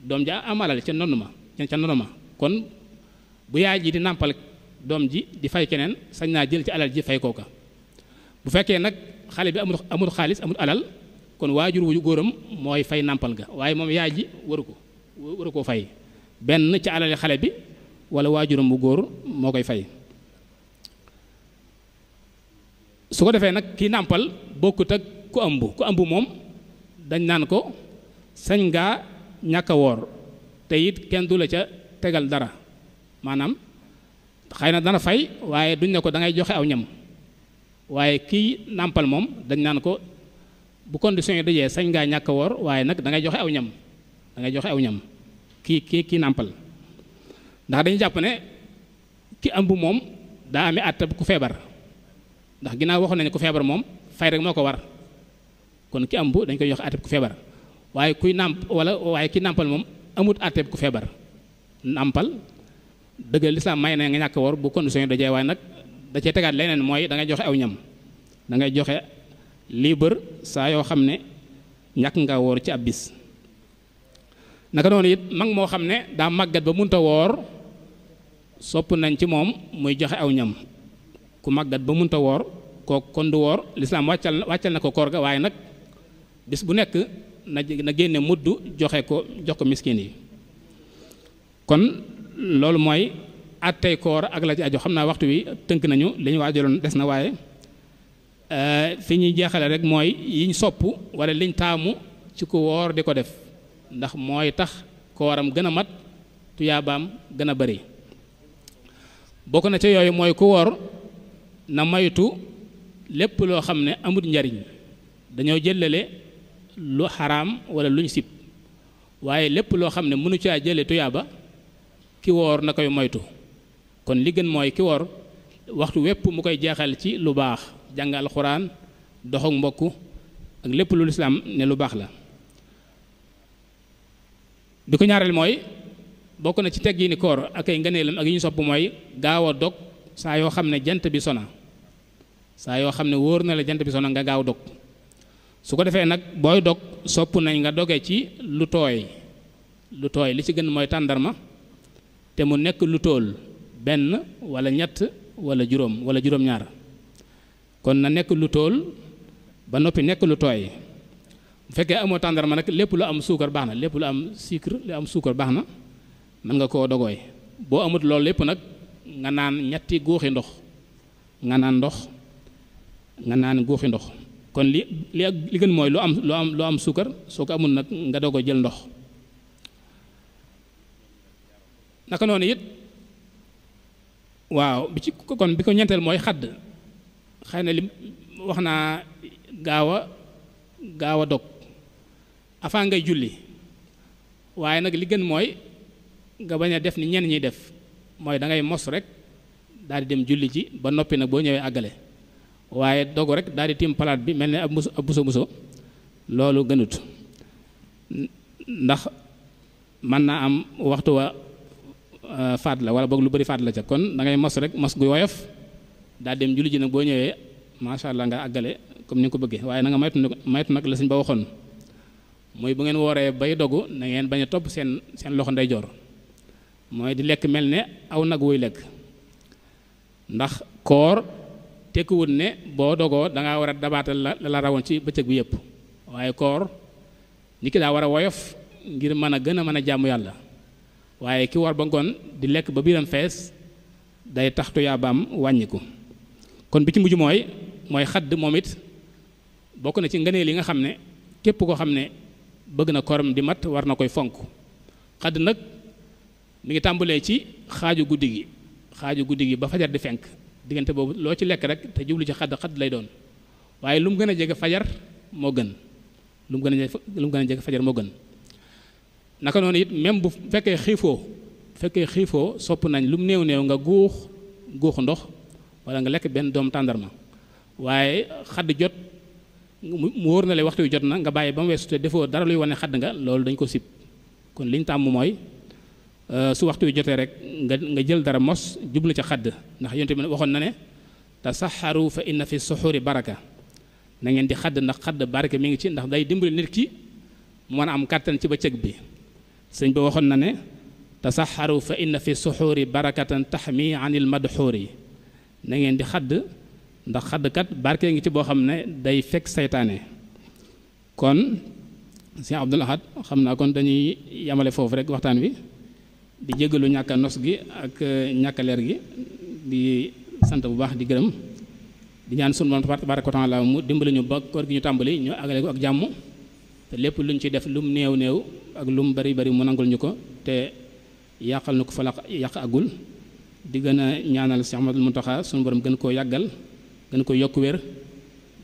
doom ja am alal ca nonn ma ca nonn ma kon bu yaay ji di nàmpal doom ji di fay keneen sañ naa jël ci alal ji fay kooka bu fekkee nag xale bi amul amul xaalis amul alal kon waajur wu góoram mooy fay nàmpal ga waaye moom yaay ji waru ko waru koo fay benn ci alali xale bi wala waajuram bu góor moo koy fay su ko defee nag kii nàmpal bokkut ak ku ëmb ku ëmb moom dañ naan ko sañ ngaa ñàkkawoor a te it kenn du ca tegal dara maanaam xëy na dana fay waaye duñ ne ko dangay joxe aw ñam waaye kii nàmpal moom dañ naan ko bu condition yi dajee sañ ngaa ñàkk waaye nag da ngay joxe aw ñam da ngay joxe aw ñam kii kii kii nàmpal ndax dañu jàpp ne ki ëmb moom daa amee àttab ku feebar ndax ginnaaw waxoon nañu ku feebar moom fay rek moo ko war kon ki ëmb dañ koy jox àttab ku feebar waaye kuy nàmp wala waaye ki nàmpal moom amut àttab ku feebar nàmpal dëggal lislaam may ne nga ñàkk war bu condition yi dajee waaye nag da tegaat leneen mooy da joxe aw ñam dangay joxe lii saa yoo xam ne ñàkk nga woor ci ab bis naka noonu it mag moo xam ne daa màggat ba munta woor sopp nañ ci moom muy joxe aw ñam ku màggat ba munta woor kooku kon du woor lislaam wàccal wàccal na ko koor ga waaye nag bis bu nekk na na génne mudd joxe ko jox ko miskin yi kon loolu mooy attey koor ak la ci aju xam naa waxtu wi tënk nañu li ñu waajaloon des na waaye euh, fi ñuy jeexale rek mooy yiñ sopp wala liñ taamu ci ku woor di ko def ndax mooy tax kooram gën a mat tuyaabaam gën a bari bokk na ca yooyu mooy ku woor na maytu lépp loo xam ne amut njariñ dañoo jëlale lu xaraam wala luñ sib waaye lépp loo xam ne mënu caa jële tuyaaba ki na koy moytu kon li gën mooy ki woor waxtu wépp mu koy jeexal ci lu baax jàng alxuraan dox mbokk ak lépp lu lislaam ne lu baax la bi ko ñaareel mooy bokk na ci teg yi ni koor ak ay ngëneelam ak yi ñu sopp mooy gaaw a dog saa yoo xam ne jant bi sona saa yoo xam ne wóor na la jant bi sona nga gaaw dog su ko defee nag booy dog sopp nañ nga doge ci lu tooy lu tooy li ci gën mooy tàndarma te mu nekk lu tool benn wala ñett wala juróom wala juróom-ñaar kon na nekk lu tool ba noppi nekk lu tooy bu fekkee amoo tàndarma nag lépp lu am suukar baax na lépp lu am sucre lu am suukar baax na mën nga koo dogooy boo amut loolu lépp nag nga naan ñetti guuxi ndox nga naan ndox nga naan guuxi ndox kon li li gën mooy lu am lu am lu am suukar soo ko amul nag nga doog jël ndox naka noonu it waaw bi ci kon bi ko ñeenteel mooy xadd xëy na li wax naa gaawa a gaaw a dog afaa ngay julli waaye nag li gën mooy nga bañ a def ni ñeen ñiy def mooy da ngay mos rek daal di dem julli ji ba noppi nag boo ñëwee àggale waaye dogu rek daal di tiim palaat bi mel ni ab mus ab buso buso loolu gënut ndax mën naa am waxtu wa euh, faat la wala boog lu bari faat la ca kon dangay ngay mos rek mos gu woyof daal dem julli ji nag boo ñëwee macha allah nga àggale comme ni ko bëggee waaye na nga maytu maytu nag la suñ ba waxoon mooy bu ngeen wooree bay dogu na ngeen bañ a topp seen seen loxo ndeyjoor mooy di lekk mel ne aw nag wuy lekk ndax koor tekkiwut ne boo dogoo da ngaa war a dabaatal la la rawoon ci bëccëg bi yépp waaye koor nit ki daa war a woyof ngir mën a gën a mën a jàmm yàlla waaye ki war ba ngoon di lekk ba biiram fees day tax tuyaabaam wàññiku kon bi ci mujj mooy mooy xadd moom it bokk na ci ngëneel li nga xam ne képp koo xam ne bëgg na koram di mat war na koy fonk xadd nag mi ngi tàmbalee ci xaaju guddi gi xaaju guddi gi ba fajar di fenk diggante boobu loo ci lekk rek te jublu ci xadd xadd lay doon waaye lu mu gën a jege fajar moo gën lu gën a jege lu mu fajar moo gën naka noonu it même bu fekkee xiifoo fekkee xiifoo sopp nañ lu mu néew neew nga guux guuxu ndox wala nga lekk benn doom tàndarma waaye xadd jot mu wóor na le waxtu wi jot na nga bàyyi ba mu weesu te defoo dara luy wane xadd nga loolu dañ ko sib kon liñ tàmm mooy Euh, su waxtu wi jotee rek nga nga jël dara mos jublu ci xadd ndax yonte bi waxoon na ne tasaxaru fa inna fi suxuri baraka na ngeen di xadd ndax xadd barke mi ngi ci ndax day dimbali nit ki mu am kàttan ci bëccëg bi sëñ bi waxoon na ne tasaxaru fa inna fi suxuri barakatan taxmi anil madxuuri na ngeen di xadd ndax xaddkat barke ngi ci boo xam ne day fekk seytaane kon sëñ Abdul Ahad xam naa kon dañuy yamale foofu rek waxtaan wi di jégalu ñàkk a nos gi ak euh, ñàkk leer gi di sant bu baax di gërëm di ñaan sunu Boroom tabaaraka wa taala mu dimbali ñu ba koor gi ñu tàmbali ñu agale ko ak jàmm te lépp luñ ñu ci def lu mu néew néew ak lu mu bari bari mu nangul ñu ko te yàqal na ko fa yàq agul di gën a ñaanal Cheikh Ahmadul Muntaxa sunu borom gën koo yàggal gën ko yokk wér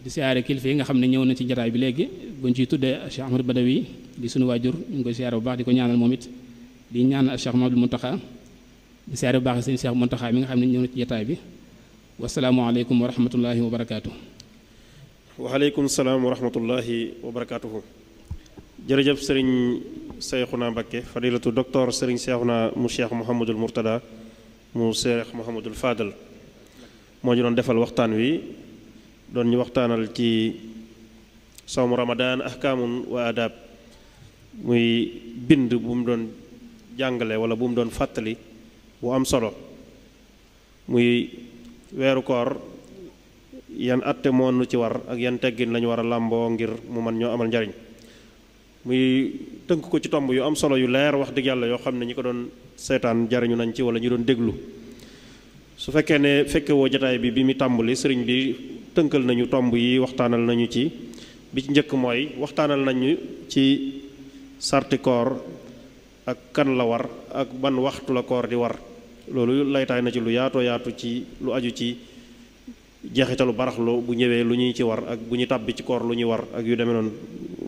di siyaare kilifa yi nga xam ne ñëw na ci jataay bi léegi buñ ciy tuddee Cheikh Ahmadou Badawi di sunu waajur ñu ngi koy siyaare bu baax di ko ñaanal moom it di ñaan Cheikh Mamadou Mountakha di siyaare bu baax seen Cheikh Mountakha mi nga xam ne ñëw na ci jotaay bi wasalaamualeykum wa rahmatullahi wa barakaatu. waaleykum salaam wa wa barakaatu. jërëjëf sëriñ Cheikhouna Mbacké fadilatu docteur sëriñ Cheikhouna mu Cheikh Mouhamadul Mourtada mu Cheikh Mouhamadul Fadal moo ñu doon defal waxtaan wi doon ñu waxtaanal ci sawmu Ramadan ahkaamun wa adab muy bind bu mu doon. jàngale wala bu mu doon fàttali bu am solo muy weeru koor yan atte moo ci war ak yan teggin lañu war a làmboo ngir mu mën ñoo amal njariñ muy tënk ko ci tomb yu am solo yu leer wax dëgg yàlla yoo xam ne ñi ko doon seetaan jariñu nañ ci wala ñu doon déglu su fekkee ne fekkewoo jataay bi bi mu tàmbali sëriñ bi tënkal nañu tomb yi waxtaanal nañu ci bi ci njëkk mooy waxtaanal nañu ci sarti koor ak kan la war ak ban waxtu la koor di war loolu laytaay na ci lu yaatoo yaatu ci lu aju ci jeexitalu baraxlu bu ñëwee lu ñuy ci war ak bu ñu tàbbi ci koor lu ñuy war ak yu demee noonu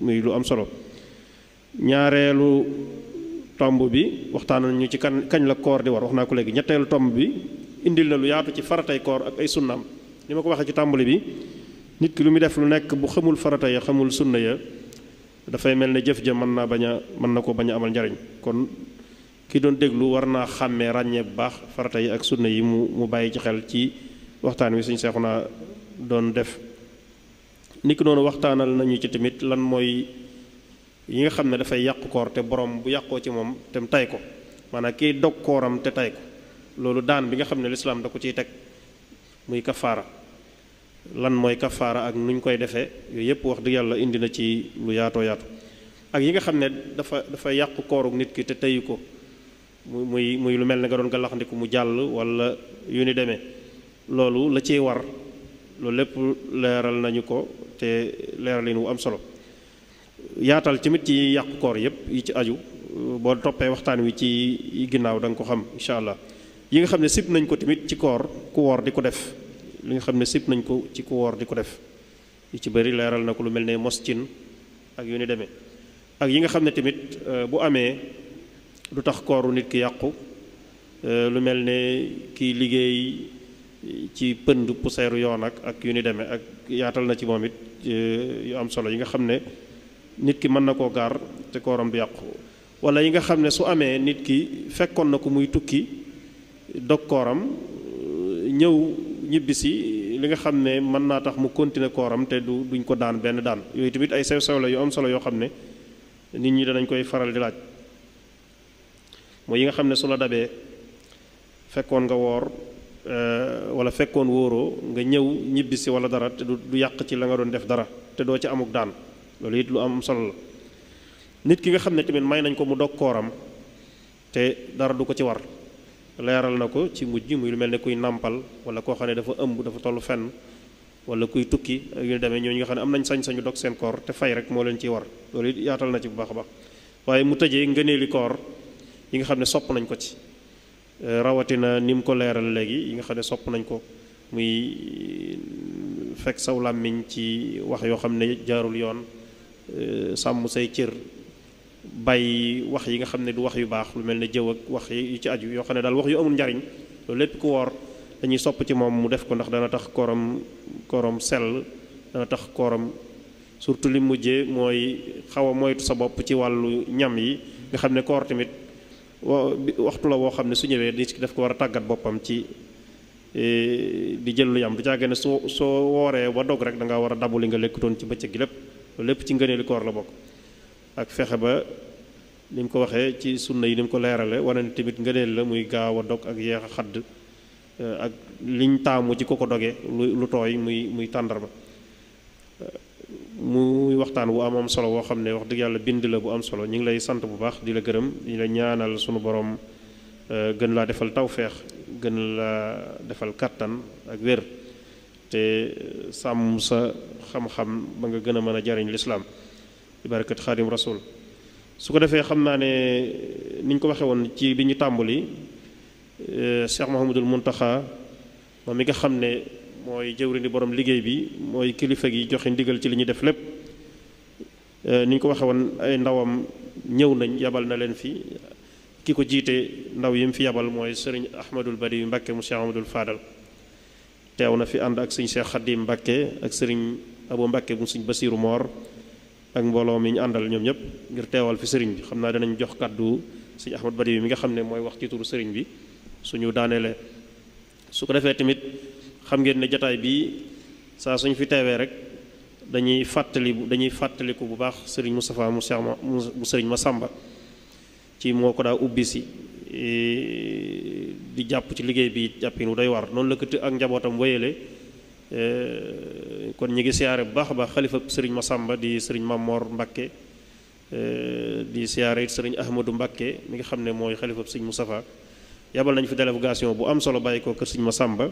muy lu am solo ñaareelu tomb bi waxtaan ñu ci kan kañ la koor di war wax naa ko léegi ñetteelu tomb bi indi la lu yaatu ci faratay koor ak ay sunnaam li ma ko waxee ci tàmbali bi nit ki lu muy def lu nekk bu xamul farata ya xamul sunna ya dafay mel ne jëf ja mën naa bañ a mën na ko bañ a amal njariñ kon ki doon déglu war naa xàmmee ràññee bu baax farata yi ak sunna yi mu mu bàyyi ci xel ci waxtaan wi suñu seexu naa doon def niki noonu waxtaanal nañu ci tamit lan mooy yi nga xam ne dafay yàq koor te borom bu yàqoo ci moom te mu tay ko maanaa kiy dog kooram te tay ko loolu daan bi nga xam ne lislaam da ko ciy teg muy kafaara lan mooy kafaara ak nu ñu koy defee yooyu yëpp wax dëgg yàlla indi na ci lu yaatoo yaatu ak yi nga xam ne dafa dafa yàqu kooru nit ki te teyu ko mu muy muy lu mel ne nga doon gàllaxandiku mu jàll wala yu ni demee loolu la ciy war loolu lépp leeral nañu ko te leeralin wu am solo yaatal tamit ci yàqu koor yëpp yi ci aju boo toppee waxtaan wi ci ginnaaw da ko xam incha allah yi nga xam ne sib nañ ko tamit ci koor ku woor di ko def li nga xam ne sib nañ ko ci ku woor di ko def yu ci bëri leeral na ko lu mel ne moscin ak yu ni demee ak yi nga xam ne tamit euh, bu amee lu tax kooru nit ki yàqu euh, lu mel ne kiy liggéey ci pënd puseeru yoon ak ak yu ni demee ak yaatal na ci moom it euh, yu am solo yi nga xam ne nit ki mën na koo gaar te kooram du yàqu wala yi nga xam ne su amee nit ki fekkoon na ko muy tukki dog kooram ñëw ñibbisi li nga xam ne mën naa tax mu continuer kooram te du duñ ko daan benn daan yooyu tamit ay sew sew la yu am solo yoo xam ne nit ñi dañ koy faral di laaj mooy yi nga xam ne su la dabee fekkoon nga woor euh, wala fekkoon wóoroo nga ñëw ñibbisi wala dara te du yàq ci la nga doon def dara te doo ci amuk daan loolu it lu am solo la nit ki nga xam ne tamit may nañ ko mu dog kooram te dara du ko ci war leeral na ko ci mujj muy lu mel ne kuy nàmpal wala koo xam ne dafa ëmb dafa toll fenn wala kuy tukki ak yu demee ñooñu nga xam ne am nañ sañ-sañu dog seen koor te fay rek moo leen ciy war loolu yaatal na ci bu baax a baax waaye mu tëjee ngëneeli koor yi nga xam ne sopp nañ ko ci euh, rawatina ni mu ko leeral léegi yi nga xam ne sopp nañ ko muy euh, fekk saw làmmiñ ci wax yoo xam ne jaarul yoon euh, sàmm say cër bàyyi wax yi nga xam ne du wax yu baax lu mel ne jëw ak wax yi ci aju yoo xam ne daal wax yu amul njariñ loolu lépp ku woor dañuy sopp ci moom mu def ko ndax dana tax kooram kooram sell dana tax kooram surtout li mujjee mooy xaw a moytu sa bopp ci wàllu ñam yi nga xam ne koor tamit waxtu la woo xam ne su ñëwee daf ko war a tàggat boppam ci e, di jël lu yam du caagee ne soo soo wooree ba dog rek da nga war a dabu li nga lekkutoon ci bëccëg gi lépp loolu lépp ci ngëneelu koor la bokk ak fexe ba ni mu ko waxee ci sunna yi ni mu ko leerale wane ne tamit ngëneel la muy gaaw a dog ak yeex a xadd eh, ak liñ taamu ci ku ko doge lu tooy muy muy tàndarma muy waxtaan wu am am solo woo xam ne wax dëgg yàlla bind la bu am solo ñu ngi lay sant bu baax di la gërëm di la ñaanal sunu borom eh, gën laa defal tawfeex gën laa defal kàttan ak wér te eh, sàmm sa xam-xam ba nga gën a mën a jariñ lislaam bi barakat xaadim rasul su ko defee xam naa ne ni ñu ko waxee woon ci bi ñu tàmbali euh, Cheikh Mahamadul Muntaxa moom mi nga xam ne mooy jëwri ni borom liggéey bi mooy kilifa gi joxe ndigal ci li ñuy def lépp euh, ni ñu ko waxee woon ay ndawam ñëw nañ yabal na leen fi ki ko jiite ndaw yi mu fi yabal mooy sëriñ Ahmadul Bari Mbàkke mu Cheikh Mahamadul Faadal teew na fi ànd ak sëñ Cheikh Xadim Mbàkke ak sëriñ Abo Mbàkke mu sëñ Basiiru Moor ak mbooloo mi ñu àndal ñoom ñëpp ngir teewal fi sëriñ bi xam naa danañ jox kàddu sëñ Ahmad Bari bi mi nga xam ne mooy wax ci turu sëriñ bi suñu daaneele su ko defee tamit xam ngeen ne jataay bi saa suñ fi teewee rek dañuy fàttali dañuy fàttaliku bu baax sëriñ Moustapha mu seex ma mu sëriñ Massamba ci moo ko daa ubbi si e, di jàpp ci liggéey bi jàppin wu doy war noonu la ko ak njabootam wéyale Euh, kon ñu ngi siyaare bu baax a baax xalifa sëriñ Masamba di sëriñ mamoor Mbakke euh, di siyaare it sëriñ Ahmadou Mbakke mi ngi xam ne mooy xalifa sëriñ Moustapha yabal nañ fi délégation bu am solo bàyyi ko kër sëriñ Masamba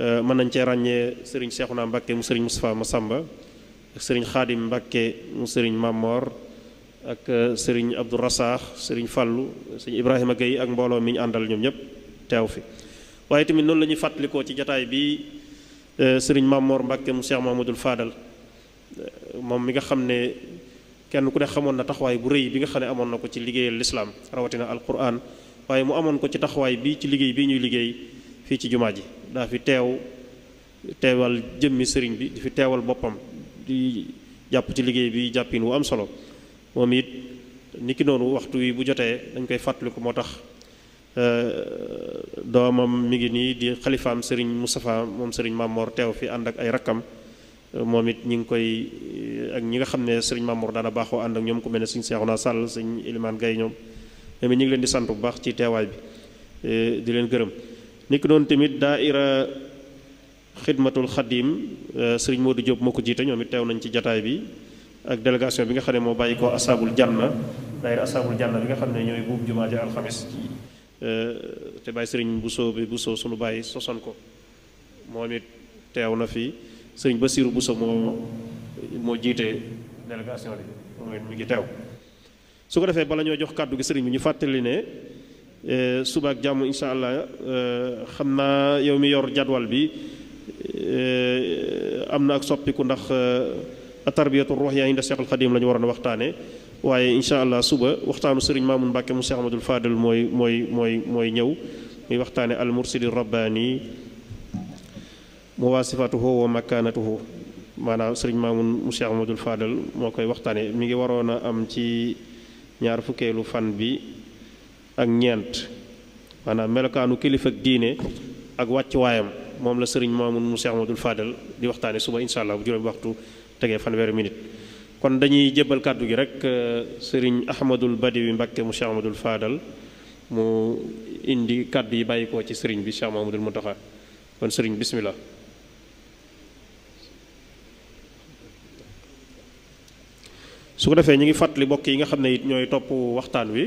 euh, mën nañ cee ràññee sëriñ Seexuna Mbakke mu sëriñ Moustapha Masamba ak sëriñ Xaadim Mbakke mu sëriñ mamoor ak sëriñ Abdou Rassaax sëriñ Fallou sëriñ Ibrahima yi ak mbooloo mi ñu àndal ñoom ñëpp teew fi waaye tamit noonu la fàttalikoo ci jataay bi. Euh, sëriñ Mamor Mbacke mu Cheikh Mahmoudul Fadal euh, moom mi nga xam ne kenn ku ne xamoon na taxawaay bu rëy bi nga xam ne amoon na ko ci liggéeyal lislaam rawatina alquran waaye mu amoon ko ci taxawaay bi ci liggéey bi ñuy liggéey fii ci jumaa ji daa fi teew teewal jëmmi sëriñ bi di fi teewal boppam di jàpp ci liggéey bi jàppin wu am solo moom it ki noonu waxtu wi bu jotee dañ koy fàttaliku moo tax Euh, doomam mi ngi nii di xalifaam sëriñ mustafa moom sëriñ Mamor teew fi ànd ak ay rakkam euh, moom it ñi ngi koy euh, ak ñi nga xam ne Serigne Mamor daana baaxoo ànd ak ñoom ko mel ne Serigne Cheikhouna Sall Serigne Elimane Gaye ñoom ñoom it ñu ngi leen di sant bu baax ci teewaay bi di leen gërëm niki noonu tamit daaira xidmatul xadim Serigne Modou Diop moo ko jiite ñoom it teew nañ ci jataay bi ak délégation bi nga xam ne moo bàyyi ko asaabul janna daaira asaabul janna bi nga xam ne ñooy buub jumaa ja Euh, te bàyyi sëriñ Bousso bi Bousso sunu bàyyi sosoon ko moom it teew na fi sëriñ Bassirou Bousso moo moo jiite délégation bi mu ngi teew su ko defee bala ñoo jox kàddu gi sëriñ bi ñu fàttali ne euh, suba ak jàmm incha allah euh, xam naa yow mi yor jadwal bi am na ak soppiku ndax tarbiyatu ruux yaa inda Cheikh al Xadim la ñu waroon a waxtaane waaye incha allah suba waxtaanu sëriñ Maamun Mbàkke mu Seex Ahmadul Faadal mooy mooy mooy mooy ñëw muy waxtaane al mursidi rabbaani muwaasifatuhu wa makaanatuhu maanaam sëriñ Maamun mu Seex Ahmadul Faadal moo koy waxtaane mi ngi waroon a am ci ñaar fukkeelu fan bi ak ñeent maanaam melokaanu kilifa ak diine ak wàcc waayam moom la sëriñ Maamun mu Seex dul Faadal di waxtaane suba incha allah bu juróomi waxtu tegee fanweeri minute kon dañuy jébbal kàddu gi rek euh, sëriñ ahmadul badawi mbàkke mu cheikh ahmadul faadal mu indi kàddu yi bàyyikoo ci sëriñ bi cheikh mahmadul muntaxa kon sëriñ bismillah su ko defee ñu ngi fàttali mbokk yi nga xam ne it ñooy topp waxtaan wi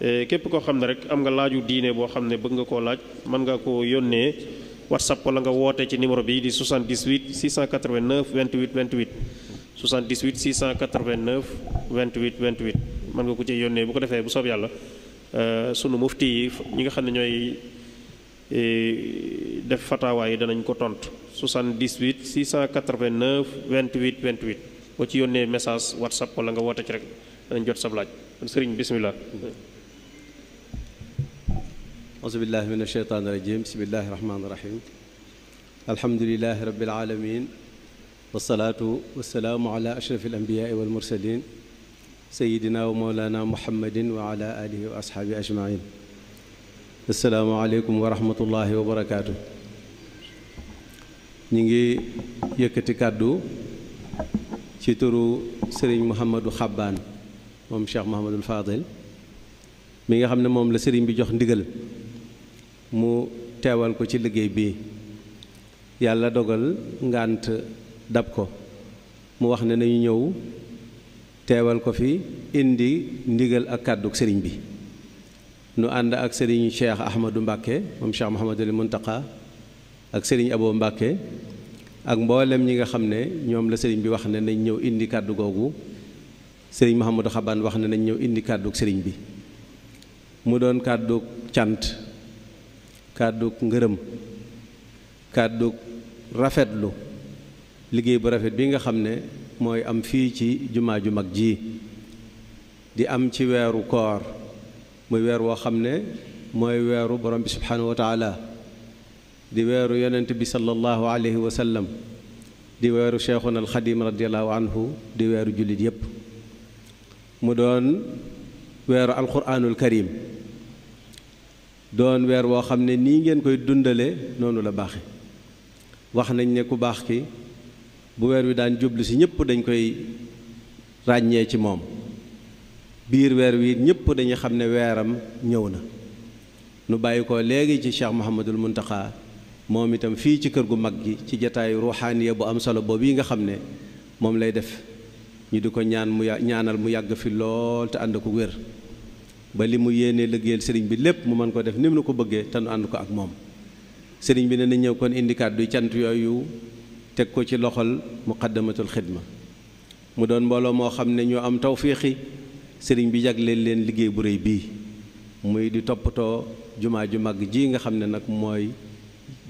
e, képp ko xam ne rek am nga laaju diine boo xam ne bëgg nga koo laaj mën nga koo yónnee whatsapp wala nga wootee ci numéro bi di 78 689 28 28 78 689 28 28 mën nga ko ci yónnee bu ko defee bu soob yàlla euh, sunu mufti yi ñi nga xam ne ñooy euh, def fatawaa yi danañ ko tontu 78 689 28 28 boo ci yónnee message whatsapp wala nga woote ci rek danañ jot sab laaj sëriñ bisimilah. auzubillahi min asheytaani rajim bismillahi rahmaani rahim alhamdulilahi wasalaatu wasalaamu ala ashraf alambiyaai walmursalin sayidina wa moolana muhammadin wa ngi yëkkati kàddu ci sëriñ Mouhamadou Xabbaan moom Cheikh nga xam ne moom la sëriñ bi jox ndigal mu teewal ko ci liggéey bi yàlla dogal ngànt dab ko mu wax ne nañu ñëw teewal ko fi indi ndigal ak kàddu sëriñ bi nu ànd ak sëriñ Cheikh Ahmadou Mbàkke moom Cheikh Mouhamadul Muntaqa ak sëriñ Abo Mbàkke ak mboolem ñi nga xam ne ñoom la sëriñ bi wax ne nañ ñëw indi kàddu googu sëriñ Mouhamadou Xabaan wax ne nañ ñëw indi kàddu sëriñ bi mu doon kàddu cant kàddu ngërëm kàddu rafetlu liggéey bu rafet bi nga xam ne mooy am fii ci jumaa ju mag ji di am ci weeru koor muy weer woo xam ne mooy weeru borom bi subhaanahu wa di weeru yonent bi sallallahu alayhi wa di weeru cheikhuna alxadim radiallahu anhu di weeru jullit yépp mu doon weeru alquranul karim doon weer woo xam ne nii ngeen koy dundale noonu la baaxe wax nañ ne ku baax ki bu weer wi daan jublu si ñëpp dañ koy ràññee ci moom biir weer wi ñëpp dañuy xam ne weeram ñëw na nu bàyyi ko léegi ci Cheikh Mouhamadul Muntaxa moom itam fii ci kër gu mag gi ci jataayu ruuxaaniya bu am solo boobu yi nga xam ne moom lay def ñu di ko ñaan mu ñaanal mu yàgg fi lool te ànd ko wér ba li mu yéenee liggéeyal sëriñ bi lépp mu mën ko def ni mu ko bëggee te nu ànd ko ak moom sëriñ bi ne na ñëw kon indi kàddu cant yooyu teg ko ci loxol muqaddamatul xidma mu doon mbooloo moo xam ne ñoo am tawfiixi sëriñ bi jagleel leen liggéey bu réy bii muy di toppatoo jumaa ju mag ji nga xam ne nag mooy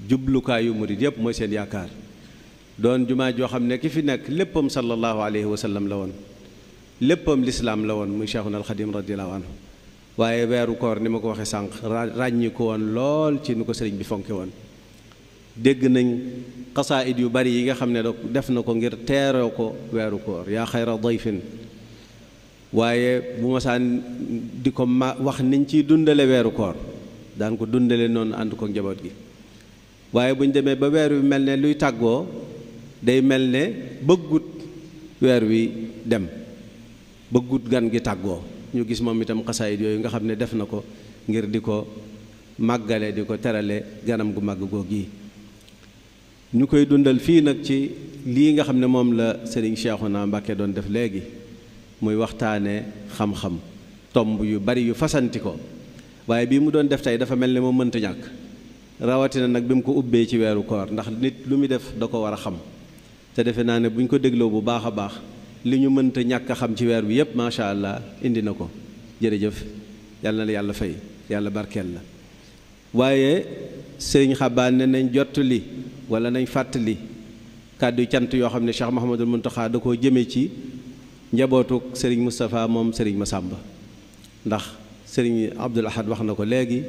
jublukaayu murid yëpp mooy seen yaakaar doon jumaa joo xam ne ki fi nekk léppam sallallahu alayhi wa sallam la woon léppam lislaam la woon muy cheikhuna alxadim radiallahu anhu waaye weeru koor ni ma ko waxee sànq ràññi ko woon lool ci nu ko sëriñ bi fonke woon dégg nañ xasaayid yu bari yi nga xam ne def na ko ngir teeroo ko weeru koor yaa xayra fin waaye bu ma di ko ma wax niñ ciy dundale weeru koor daan ko dundale noonu ànd ko njaboot gi waaye bu ñu demee ba weer wi mel ne luy tàggoo day mel ne bëggut weer wi dem bëggut gan gi tàggoo ñu gis moom itam xasaayit yooyu nga xam ne def na ko ngir di ko màggale di ko terale ganam gu màgg googu yi ñu koy dundal fii nag ci lii nga xam ne moom la Serigne naa Mbacké doon def léegi muy waxtaane xam-xam tomb yu bari yu fasanti ko waaye bii mu doon def tey dafa mel ni moom mënta ñàkk rawatina nag bi mu ko ubbee ci weeru koor ndax nit lu muy def da ko war a xam te defe naa ne bu ñu ko dégloo bu baax a baax li ñu mënt ñàkk a xam ci weer bi yépp macha allah indi na ko jërëjëf yàlla na yàlla fay yàlla barkeel la waaye sëriñ xabaan ne nañ jot li wala nañ fàttali kàddu cant yoo xam ne Cheikh Mouhamadul Mountakha da koo jëme ci njabootuk Serigne Moustapha moom ma sàmba ndax Serigne Abdoul Ahad wax na ko léegi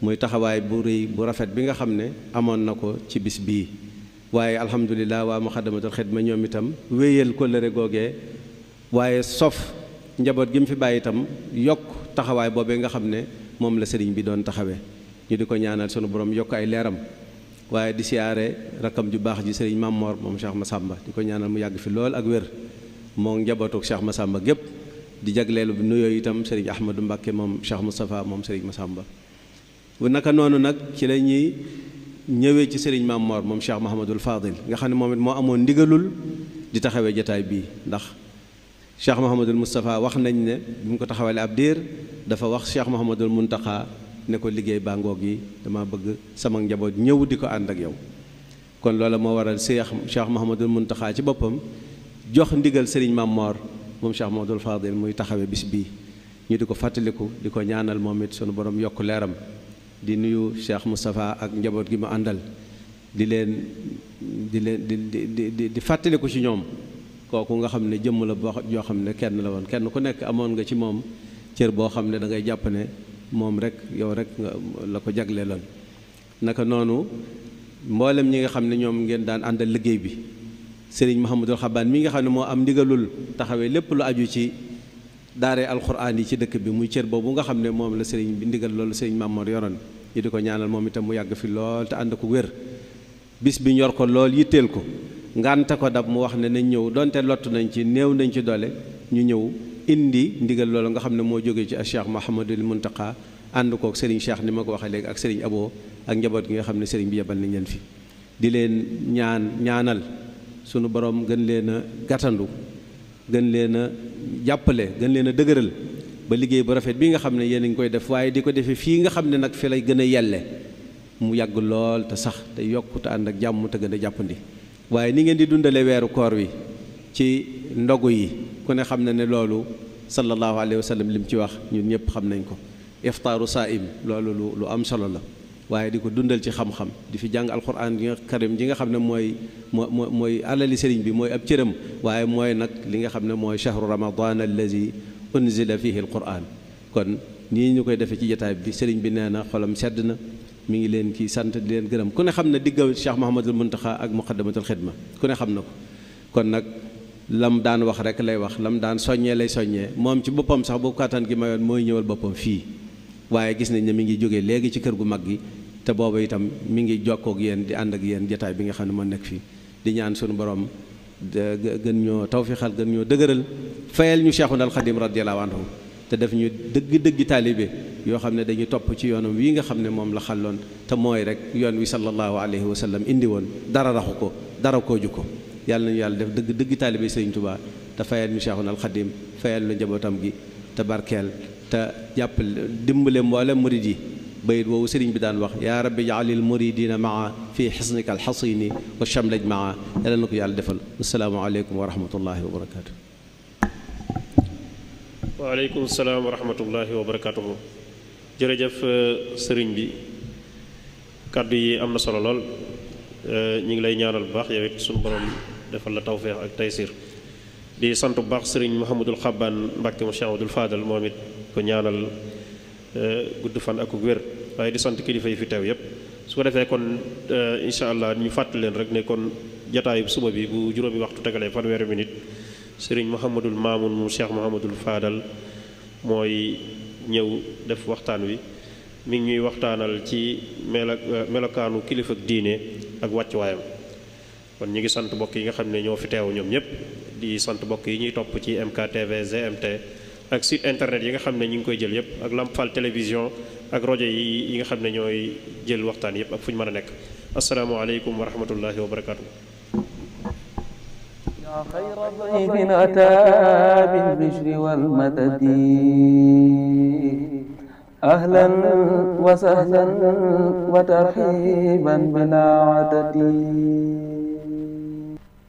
muy taxawaay bu rëy bu rafet bi nga xam ne amoon na ko ci bis bii waaye alhamdulilah waa Muxaddamatul ma ñoom itam wéyal kóllëre googee waaye sof njaboot gi mu fi bàyyi itam yokk taxawaay boobee nga xam ne moom la sëriñ bi doon taxawee ñu di ko ñaanal sunu borom yokk ay leeram waaye di siyaare rakkam ju baax ji sëriñ Maam Mor moom Cheikh Massamba di ko ñaanal mu yàgg fi lool ak wér moo njabootu Cheikh Massamba gépp di jagleelu bi nuyoo itam sëriñ Ahmadou Mbakke moom Cheikh Moustapha moom sëriñ Massamba bu naka noonu nag ci la ñuy ñëwee ci sëriñ Maam Mor moom Cheikh Mahamadul Fadil nga xam ne moom it moo amoon ndigalul di taxawee jataay bii ndax Cheikh Mahamadul Moustapha wax nañ ne bi mu ko taxawalee ab diir dafa wax Cheikh Mahamadul Muntaqa ne ko liggéey bàngoog yi dama bëgg sama njaboot ñëw di ko ànd ak yow kon loola moo waral Cheikh Cheikh Mouhamadul Mountakha ci boppam jox ndigal sëriñ Mamor moom Cheikh Mouhamadul Fadil muy taxawe bis bii ñu di ko fàttaliku di ko ñaanal moom it sunu borom yokk leeram di nuyu Cheikh Moustapha ak njaboot gi mu àndal di leen di leen di di di fàttaliku ci ñoom kooku nga xam ne jëmm la boo xam ne kenn la woon kenn ku nekk amoon nga ci moom cër boo xam ne da ngay jàpp ne moom rek yow rek la ko jagleeloon naka noonu mboolem ñi nga xam ne ñoom ngeen daan àndal liggéey bi sëriñ Mouhamadul Xabaan mi nga xam ne moo am ndigalul taxawee lépp lu aju ci daare alxuraan yi ci dëkk bi muy cër boobu nga xam ne moom la sëriñ bi ndigal loolu sëriñ Mamoor yoroon ñu di ko ñaanal moom itam mu yàgg fi lool te ànd ko wér bis bi ñor ko lool yitteel ko ngante ko dab mu wax ne nañ ñëw donte lott nañ ci néew nañ ci doole ñu ñëw indi ndigal loolu nga xam ne moo jógee ci Cheikh Mahamadul Muntaqa ànd kook Serigne Cheikh ni ma ko waxee léegi ak Serigne Abo ak njaboot gi nga xam ne Serigne bi yebal nañ leen fi di leen ñaan ñaanal sunu borom gën leen a gàttandu gën leen a jàppale gën leen dëgëral ba liggéey ba rafet bii nga xam ne yéen ngi koy def waaye di ko defee fii nga xam ne nag fi lay gën a yelle mu yàgg lool te sax te yokk te ànd ak jàmm te gën a jàpp jàppandi waaye ni ngeen di dundale weeru koor wi ci ndogu yi ku ne xam na ne loolu sallallahu alayhi wa sallam lim ci wax ñun ñëpp xam nañ ko iftaaru saa'im loolu lu lu am solo la waaye di ko dundal ci xam-xam di fi jàng alquran ji nga karim ji nga xam ne mooy moo moo mooy alali sëriñ bi mooy ab cëram waaye mooy nag li nga xam ne mooy chahru ramadan allazi unzila fihi alquran kon nii ñu koy defee ci jataay bi sëriñ bi nee na xolam sedd na mu ngi leen kii sant di leen gërëm ku ne xam ne diggaw Cheikh Mouhamadul Muntaxa ak Muqaddamatul Xidma ku ne xam na ko lam daan wax rek lay wax lam daan soññee lay soññee moom ci boppam sax bu kàttan gi mayoon mooy ñëwal boppam fii waaye gis nañ ne mi ngi jógee léegi ci kër gu mag gi te booba itam mi ngi jokkook yéen di ànd ak yéen jataay bi nga xam ne moo nekk fii di ñaan suñu borom gën ñoo tawfiixal gën ñoo dëgëral fayal ñu Seexunal Xadim radiyallahu anhu te def ñu dëgg dëgg taalibe yoo xam ne dañuy topp ci yoonam wii nga xam ne moom la xalloon te mooy rek yoon wi sallallahu alayhi wa sallam indi woon dara raxu ko dara kooju ko yàlla nañu yàlla def dëgg dëgg taalibe sëriñ Tuubaa te fayal ñu Seexuna al Xadiim fayal lu njabootam gi te barkeel te jàppale dimbale mboolem murid yi bayit woowu sëriñ bi daan wax yaa rabbi jaalil muridina maa fii xisnika al xasini wa chamlaj maa yàlla na ko yàlla defal asalaamaaleykum wa rahmatullahi wa barakaatu. waaleykum salaam wa rahmatullahi wa barakaatu. jërëjëf euh, sëriñ bi kàddu yi am na solo lool euh, ñu ngi lay ñaanal bu baax yow it defal la tawféex ak taysiir di sant bu baax sëriñ Mouhamadul Xabbaan Mbàkke mu Cheikh Abdoul Fadal moom it ko ñaanal eh, gudd fan ak wér waaye di sant kilifa yi fi teew yëpp su ko defee kon eh, incha allah ñu fàttali leen rek ne kon jataayu suba bi bu juróomi waxtu tegalee fanweeri minute sëriñ Mouhamadul Maamun mu Cheikh Mouhamadul Fadal mooy ñëw def waxtaan wi mi ngi ñuy waxtaanal ci melo eh, melokaanu kilifa diine ak wàccuwaayam. kon ñu ngi sant bokk yi nga xam ne ñoo fi teew ñoom ñëpp di sant mbokk yi ñuy topp ci MKTV GMT ak site internet yi nga xam ne ñu ngi koy jël yëpp ak Lampfal télévision ak rajo yi yi nga xam ne ñooy jël waxtaan yëpp ak fu ñu mën a nekk asalaamaaleykum wa rahmatullahi wa barakaatu.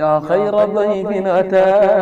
yaa xayra dayfin ataa